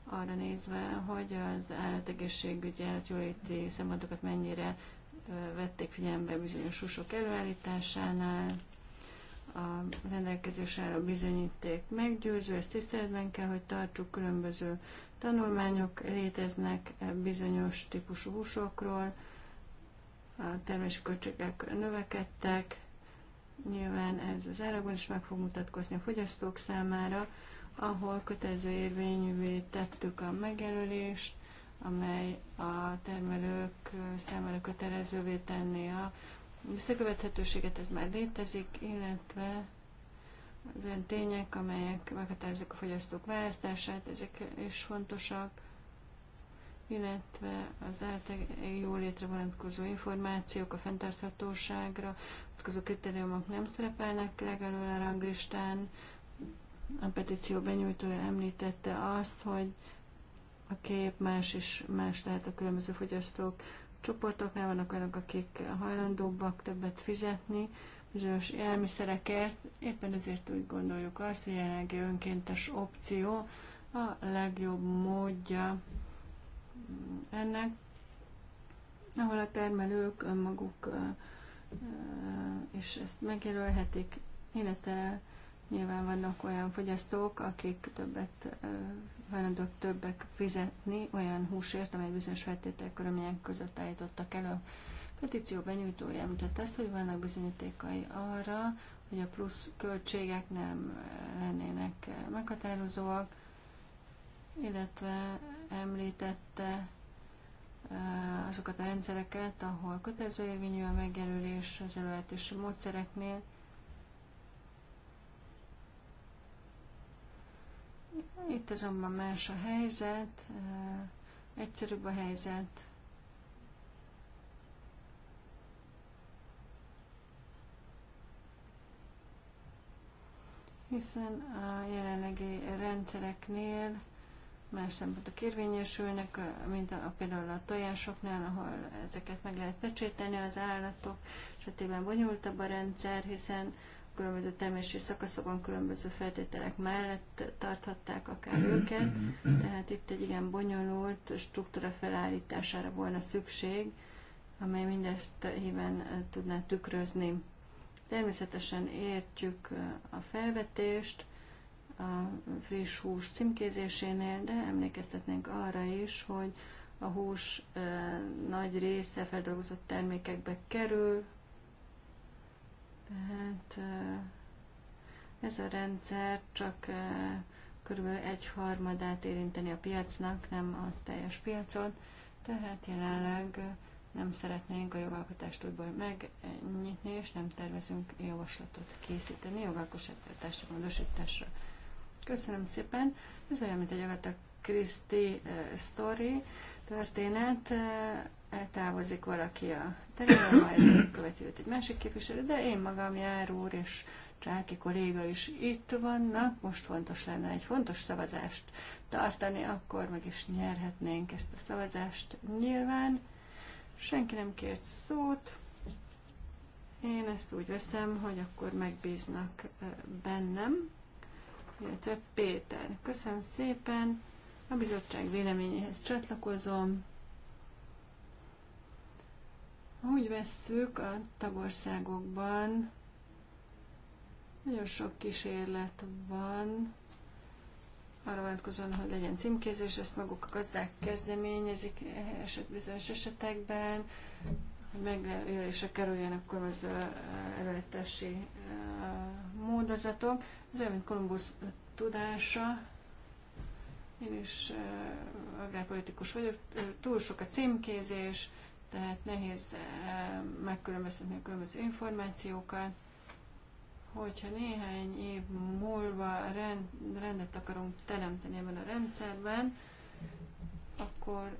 arra nézve, hogy az állategészségügyi állatjóléti szempontokat mennyire eh, vették figyelembe bizonyos susok előállításánál a rendelkezésre bizonyíték meggyőző, ezt tiszteletben kell, hogy tartsuk, különböző tanulmányok léteznek eh, bizonyos típusú húsokról, a termési költségek növekedtek, nyilván ez az árakban is meg fog mutatkozni a fogyasztók számára, ahol kötelező érvényűvé tettük a megjelölést, amely a termelők eh, számára kötelezővé tenné a visszakövethetőséget, ez már létezik, illetve az olyan tények, amelyek meghatározzák a fogyasztók választását, ezek is fontosak, illetve az általában létre vonatkozó információk, a fenntarthatóságra, vonatkozó kritériumok nem szerepelnek legalább a ranglistán. A petíció benyújtója említette azt, hogy a kép más és más, tehát a különböző fogyasztók csoportoknál vannak olyanok, akik hajlandóbbak többet fizetni bizonyos élmiszerekért. Éppen ezért úgy gondoljuk azt, hogy jelenlegi önkéntes opció a legjobb módja ennek, ahol a termelők önmaguk és ezt megjelölhetik, illetve Nyilván vannak olyan fogyasztók, akik többet hajlandók többek fizetni olyan húsért, amely bizonyos feltételek körülmények között állítottak elő. A petíció benyújtója mutatta azt, hogy vannak bizonyítékai arra, hogy a plusz költségek nem lennének meghatározóak, illetve említette azokat a rendszereket, ahol kötelező érvényű a megjelölés az előállítási módszereknél, Itt azonban más a helyzet, egyszerűbb a helyzet. hiszen a jelenlegi rendszereknél más szempontok érvényesülnek, mint a, például a tojásoknál, ahol ezeket meg lehet pecsételni az állatok, esetében bonyolultabb a rendszer, hiszen különböző termési szakaszokon különböző feltételek mellett tarthatták akár őket, tehát itt egy igen bonyolult struktúra felállítására volna szükség, amely mindezt híven tudná tükrözni. Természetesen értjük a felvetést a friss hús címkézésénél, de emlékeztetnénk arra is, hogy a hús nagy része feldolgozott termékekbe kerül, tehát ez a rendszer csak körülbelül egy harmadát érinteni a piacnak, nem a teljes piacot, tehát jelenleg nem szeretnénk a jogalkotást úgy megnyitni, és nem tervezünk javaslatot készíteni jogalkotásra, módosításra. Köszönöm szépen. Ez olyan, mint egy Agatha Christie story történet, eltávozik valaki a terület, majd követi őt egy másik képviselő, de én magam jár úr és Csáki kolléga is itt vannak, most fontos lenne egy fontos szavazást tartani, akkor meg is nyerhetnénk ezt a szavazást nyilván. Senki nem kért szót. Én ezt úgy veszem, hogy akkor megbíznak bennem, illetve Péter. Köszönöm szépen! A bizottság véleményéhez csatlakozom. Úgy vesszük, a tagországokban nagyon sok kísérlet van arra vonatkozóan, hogy legyen címkézés, ezt maguk a gazdák kezdeményezik eset bizonyos esetekben, hogy megjelölésre kerüljenek különböző előttesi módozatok. Ez olyan, mint Kolumbusz tudása, én is agrárpolitikus vagyok, túl sok a címkézés, tehát nehéz megkülönböztetni a különböző információkat. Hogyha néhány év múlva rend, rendet akarunk teremteni ebben a rendszerben, akkor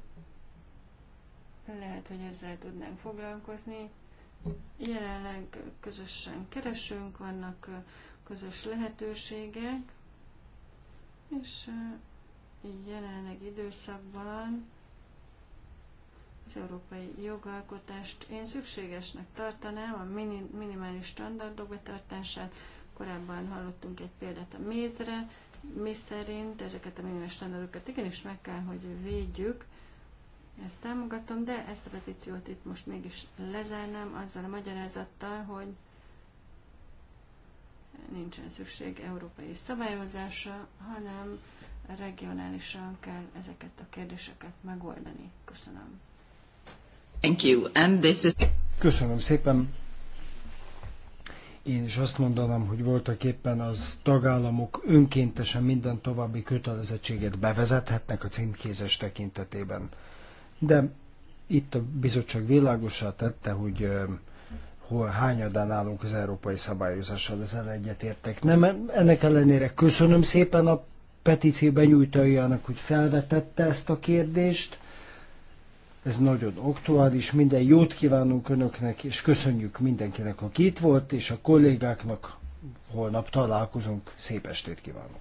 lehet, hogy ezzel tudnánk foglalkozni. Jelenleg közösen keresünk, vannak közös lehetőségek, és jelenleg időszakban az európai jogalkotást én szükségesnek tartanám a minimális standardok betartását. Korábban hallottunk egy példát a mézre, mi szerint ezeket a minimális standardokat igenis meg kell, hogy védjük, ezt támogatom, de ezt a petíciót itt most mégis lezárnám azzal a magyarázattal, hogy nincsen szükség európai szabályozásra, hanem regionálisan kell ezeket a kérdéseket megoldani. Köszönöm. Thank you. And this is... Köszönöm szépen. Én is azt mondanám, hogy voltak éppen az tagállamok önkéntesen minden további kötelezettséget bevezethetnek a címkézes tekintetében. De itt a bizottság világosá tette, hogy hol hányadán állunk az európai szabályozással, ezzel egyetértek. Nem, ennek ellenére köszönöm szépen a petíció benyújtójának, hogy felvetette ezt a kérdést. Ez nagyon aktuális, minden jót kívánunk Önöknek, és köszönjük mindenkinek, aki itt volt, és a kollégáknak holnap találkozunk. Szép estét kívánok!